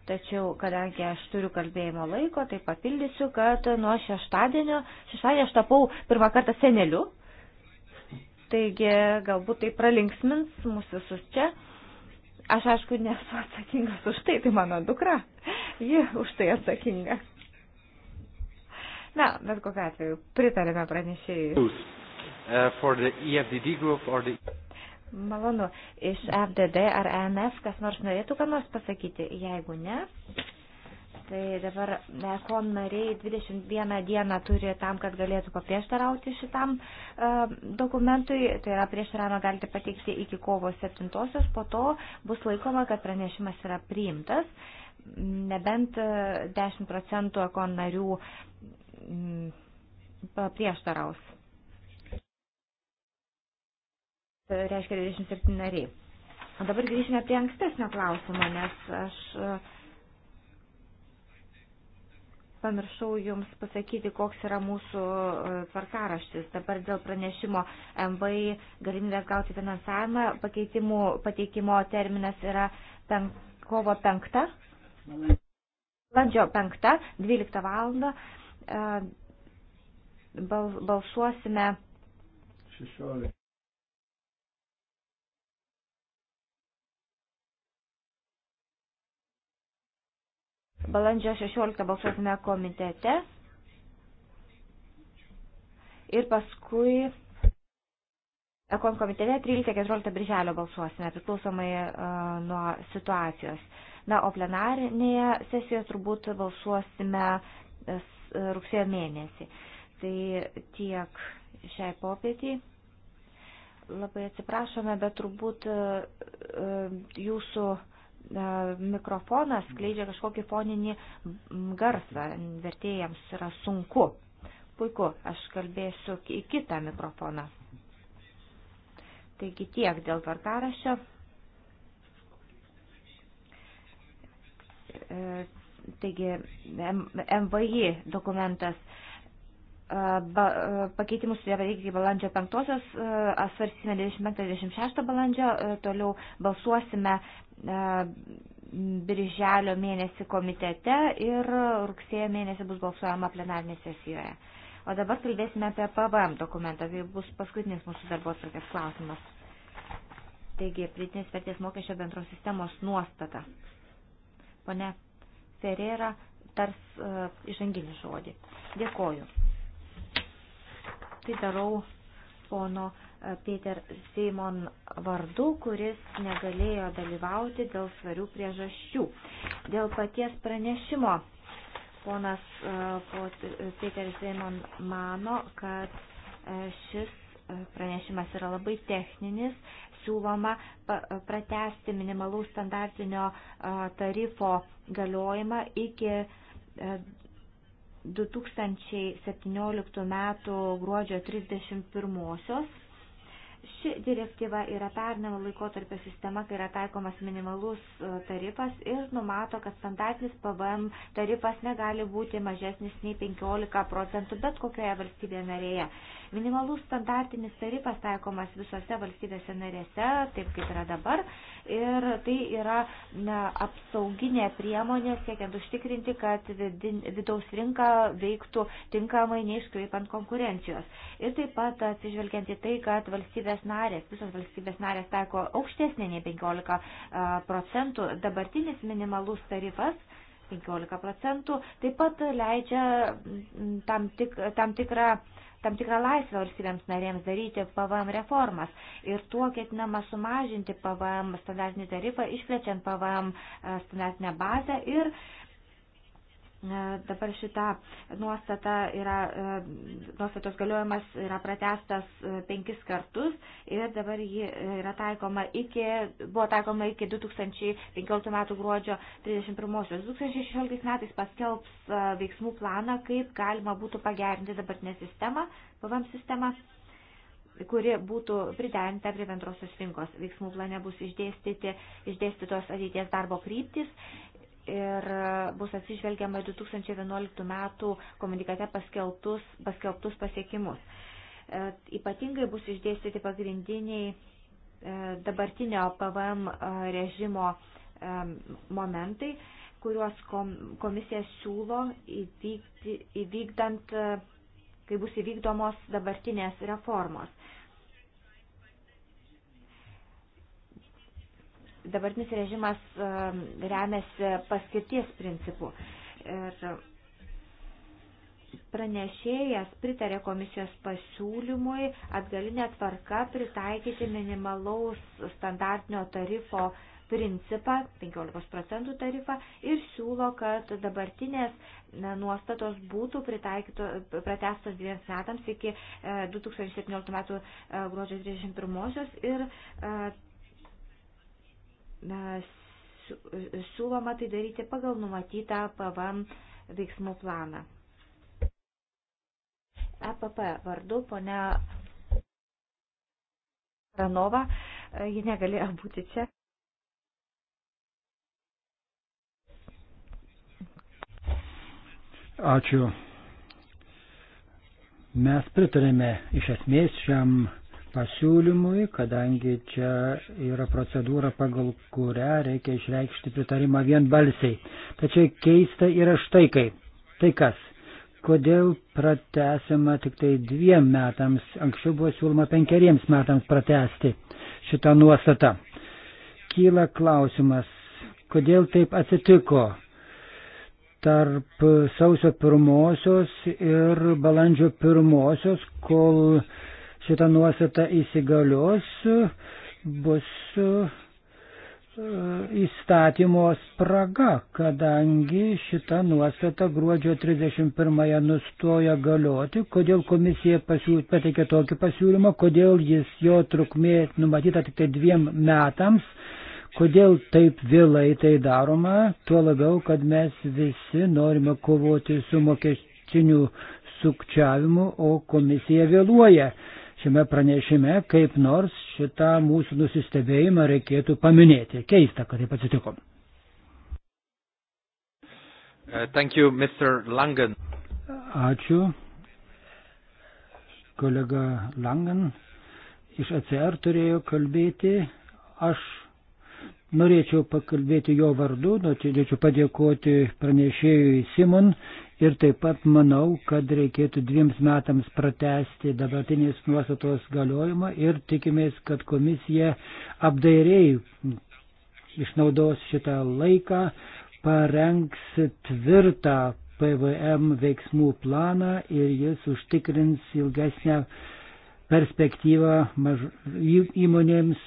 Tačiau, kadangi aš turiu kalbėjimo laiko, tai papildysiu, kad nuo šeštadienio, šeštadienį aš tapau pirmą kartą seneliu, Taigi galbūt tai pralinksmins mūsų visus čia. Aš aišku nesu atsakingas už tai, tai mano dukra. Ji už tai atsakinga. Na, bet kokiu atveju, pritarėme pranešėjui. E, e the... Malonu, iš FDD ar ENF kas nors norėtų ką nors pasakyti, jeigu ne. Tai dabar kom nariai 21 dieną turi tam, kad galėtų paprieštarauti šitam e, dokumentui. Tai yra prieštaravimą galite pateikti iki kovo 7-osios, po to bus laikoma, kad pranešimas yra priimtas. Nebent 10 e, procentų ekon narių mm, prieštaraus. Tai reiškia 27 nariai. O dabar grįžime prie ankstesnio klausimo, nes aš. E, pamiršau Jums pasakyti, koks yra mūsų e, tvarkaraštis. Dabar dėl pranešimo MVI galimybės gauti finansavimą pakeitimų pateikimo terminas yra penk, kovo 5. Landžio 5, 12 val. Bal, balsuosime 16. Balandžio 16 balsuosime komitete ir paskui ekon komitete 13-14 birželio balsuosime, priklausomai uh, nuo situacijos. Na, o plenarinėje sesijoje turbūt balsuosime e, e, rugsėjo mėnesį. Tai tiek šiai popietį. Labai atsiprašome, bet turbūt uh, jūsų uh, E, mikrofonas skleidžia kažkokį foninį garsą, vertėjams yra sunku. Puiku, aš kalbėsiu į kitą mikrofoną. Taigi tiek dėl tvarkaraščio. E, taigi MVI dokumentas pakeitimus reikia balandžio 5-osios, svarstysime 25-26 balandžio, toliau balsuosime birželio mėnesį komitete ir rugsėjo mėnesį bus balsuojama plenarinė sesijoje. O dabar kalbėsime apie PVM dokumentą, tai bus paskutinis mūsų darbo atvarkės klausimas. Taigi, pridėtinės vertės mokesčio bendros sistemos nuostata. Pone Ferreira tars uh, išanginį žodį. Dėkoju tai darau pono e, Peter Simon vardu, kuris negalėjo dalyvauti dėl svarių priežasčių. Dėl paties pranešimo ponas e, Peter Simon mano, kad e, šis pranešimas yra labai techninis, siūloma pratesti minimalaus standartinio tarifo galiojimą iki 2017 m. gruodžio 31-osios. Ši direktyva yra pernamo laikotarpio sistema, kai yra taikomas minimalus e, tarifas ir numato, kad standartinis PVM tarifas negali būti mažesnis nei 15 procentų bet kokioje valstybėje narėje. Minimalus standartinis tarifas taikomas visose valstybėse narėse, taip kaip yra dabar, ir tai yra na, apsauginė priemonė siekiant užtikrinti, kad vidin, vidaus rinka veiktų tinkamai neiškreipant konkurencijos. Ir taip pat atsižvelgiant į tai, kad valstybės narės, visos valstybės narės taiko aukštesnė nei 15 procentų dabartinis minimalus tarifas 15 procentų, taip pat leidžia mm, tam, tik, tam tikrą tam tikrą laisvę valstybėms narėms daryti PVM reformas. Ir tuo ketinama sumažinti PVM standartinį tarifą, išplečiant PVM e, standartinę bazę ir uh, E, dabar šita nuostata yra, e, nuostatos galiojimas yra pratestas e, penkis kartus ir dabar ji yra taikoma iki, buvo taikoma iki 2015 metų gruodžio 31-osios. 2016 metais paskelbs veiksmų planą, kaip galima būtų pagerinti dabartinę sistemą, PVM sistemą kuri būtų priderinta prie bendrosios rinkos. Veiksmų plane bus išdėstytos ateities darbo kryptis ir e, bus atsižvelgiama 2011 metų komunikate paskelbtus, paskelbtus pasiekimus. E, ypatingai bus išdėstyti pagrindiniai e, dabartinio PVM režimo momentai, kuriuos komisija siūlo įvykdant, kai bus įvykdomos dabartinės reformos. dabartinis režimas e, remiasi paskirties principu. Ir pranešėjas pritarė komisijos pasiūlymui atgalinę tvarką pritaikyti minimalaus standartinio tarifo principą, 15 procentų tarifą ir siūlo, kad dabartinės nuostatos būtų pratestos dviems metams iki 2017 e, metų e, gruodžio 31 ir Mes e, siūloma tai daryti pagal numatytą PVM veiksmų planą. EPP vardu ponia Ranova, e, ji negalėjo būti čia. Ačiū. Mes pritarėme iš esmės šiam pasiūlymui, kadangi čia yra procedūra, pagal kurią reikia išreikšti pritarimą vienbalsiai. Tačiau keista yra štai kaip. Tai kas? Kodėl pratesiama tik tai dviem metams, anksčiau buvo siūloma penkeriems metams pratesti šitą nuostatą. Kyla klausimas, kodėl taip atsitiko tarp sausio pirmosios ir balandžio pirmosios, kol uh, šita nuostata įsigalios, bus e, įstatymo spraga, kadangi šita nuostata gruodžio 31 nustoja galioti, kodėl komisija pasiūl... pateikė tokį pasiūlymą, kodėl jis jo trukmė numatyta tik tai dviem metams, kodėl taip vėlai tai daroma, tuo labiau, kad mes visi norime kovoti su mokestiniu sukčiavimu, o komisija vėluoja šiame pranešime kaip nors šitą mūsų nusistebėjimą reikėtų paminėti. Keista, kad taip atsitiko. Uh, thank you, Mr. Langen. Ačiū. Kolega Langen iš ACR e turėjo kalbėti. Aš norėčiau pakalbėti jo vardu, norėčiau padėkoti pranešėjui Simon Ir taip pat manau, kad reikėtų dviems metams pratesti dabartinės nuostatos galiojimą ir tikimės, kad komisija apdairiai išnaudos šitą laiką, parengs tvirtą PVM veiksmų planą ir jis užtikrins ilgesnę perspektyvą maž... įmonėms,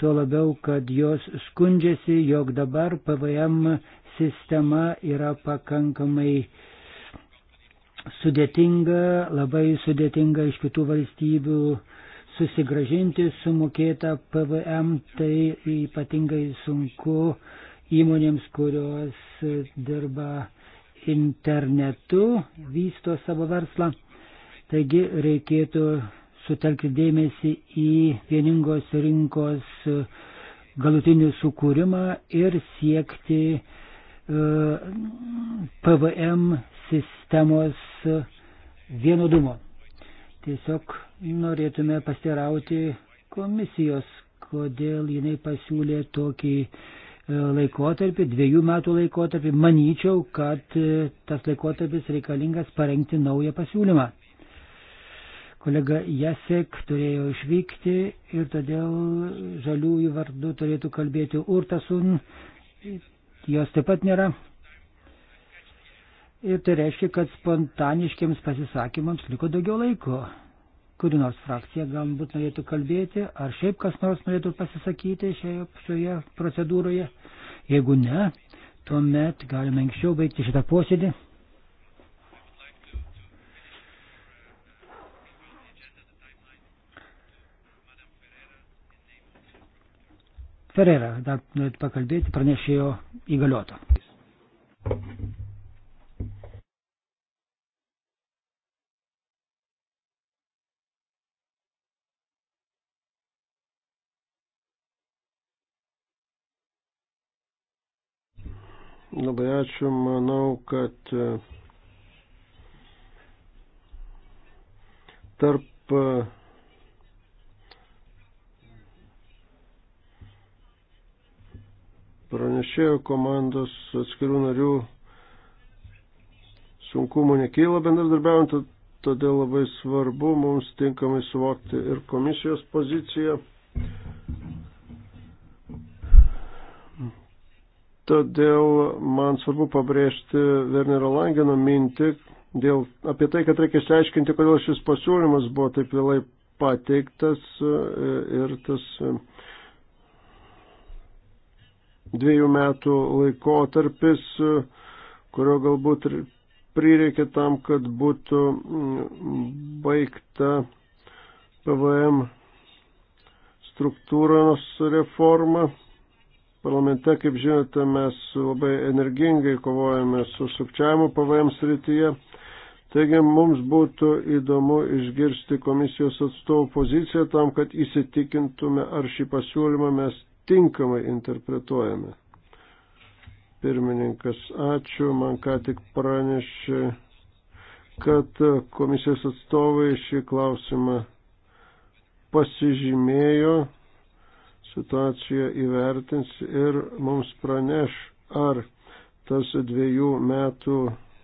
tuo labiau, kad jos skundžiasi, jog dabar PVM sistema yra pakankamai sudėtinga, labai sudėtinga iš kitų valstybių susigražinti sumokėtą PVM, tai ypatingai sunku įmonėms, kurios dirba internetu, vysto savo verslą. Taigi reikėtų sutelkti dėmesį į vieningos rinkos e, galutinį sukūrimą ir siekti e, PVM sistemos vienodumo. Tiesiog norėtume pasirauti komisijos, kodėl jinai pasiūlė tokį e, laikotarpį, dviejų metų laikotarpį. Manyčiau, kad e, tas laikotarpis reikalingas parengti naują pasiūlymą. Kolega Jasek turėjo išvykti ir todėl žaliųjų vardu turėtų kalbėti Urtasun. Jos taip pat nėra. Ir tai reiškia, kad spontaniškiams pasisakymams liko daugiau laiko. Kuri nors frakcija galbūt norėtų kalbėti, ar šiaip kas nors norėtų pasisakyti šioje, šioje procedūroje. Jeigu ne, tuomet galime anksčiau baigti šitą posėdį. Ferreira, dar norėtų pakalbėti, pranešėjo įgalioto. Labai ačiū, manau, kad e, tarp e, pranešėjo komandos atskirų narių sunkumų nekyla bendradarbiaujant, todėl labai svarbu mums tinkamai suvokti ir komisijos poziciją. Todėl man svarbu pabrėžti Vernero Langeno mintį dėl, apie tai, kad reikia išsiaiškinti, kodėl šis pasiūlymas buvo taip vėlai pateiktas e, ir tas e, dviejų metų laikotarpis, e, kurio galbūt prireikė tam, kad būtų baigta PVM struktūros reforma Parlamente, kaip žinote, mes labai energingai kovojame su sukčiavimu PVM srityje. Taigi mums būtų įdomu išgirsti komisijos atstovų poziciją tam, kad įsitikintume, ar šį pasiūlymą mes tinkamai interpretuojame. Pirmininkas, ačiū, man ką tik pranešė, kad komisijos atstovai šį klausimą pasižymėjo situaciją įvertins ir mums praneš, ar tas dviejų metų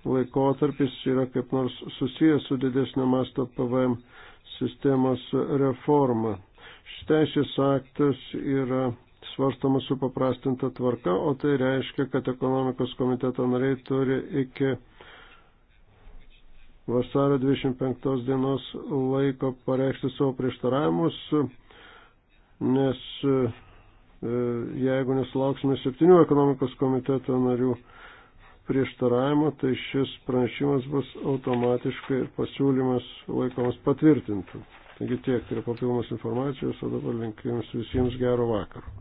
laikotarpis yra kaip nors susijęs su didesnio masto PVM sistemos reforma. Šis teisės aktas yra svarstama su paprastinta tvarka, o tai reiškia, kad ekonomikos komiteto nariai turi iki vasario 25 dienos laiko pareikšti savo prieštaravimus nes e, e, jeigu nesulauksime septynių ekonomikos komiteto narių prieštaravimo, tai šis pranešimas bus automatiškai ir pasiūlymas laikomas patvirtintų. Taigi tiek tai yra papildomos informacijos, o dabar linkiu Jums visiems gero vakaro.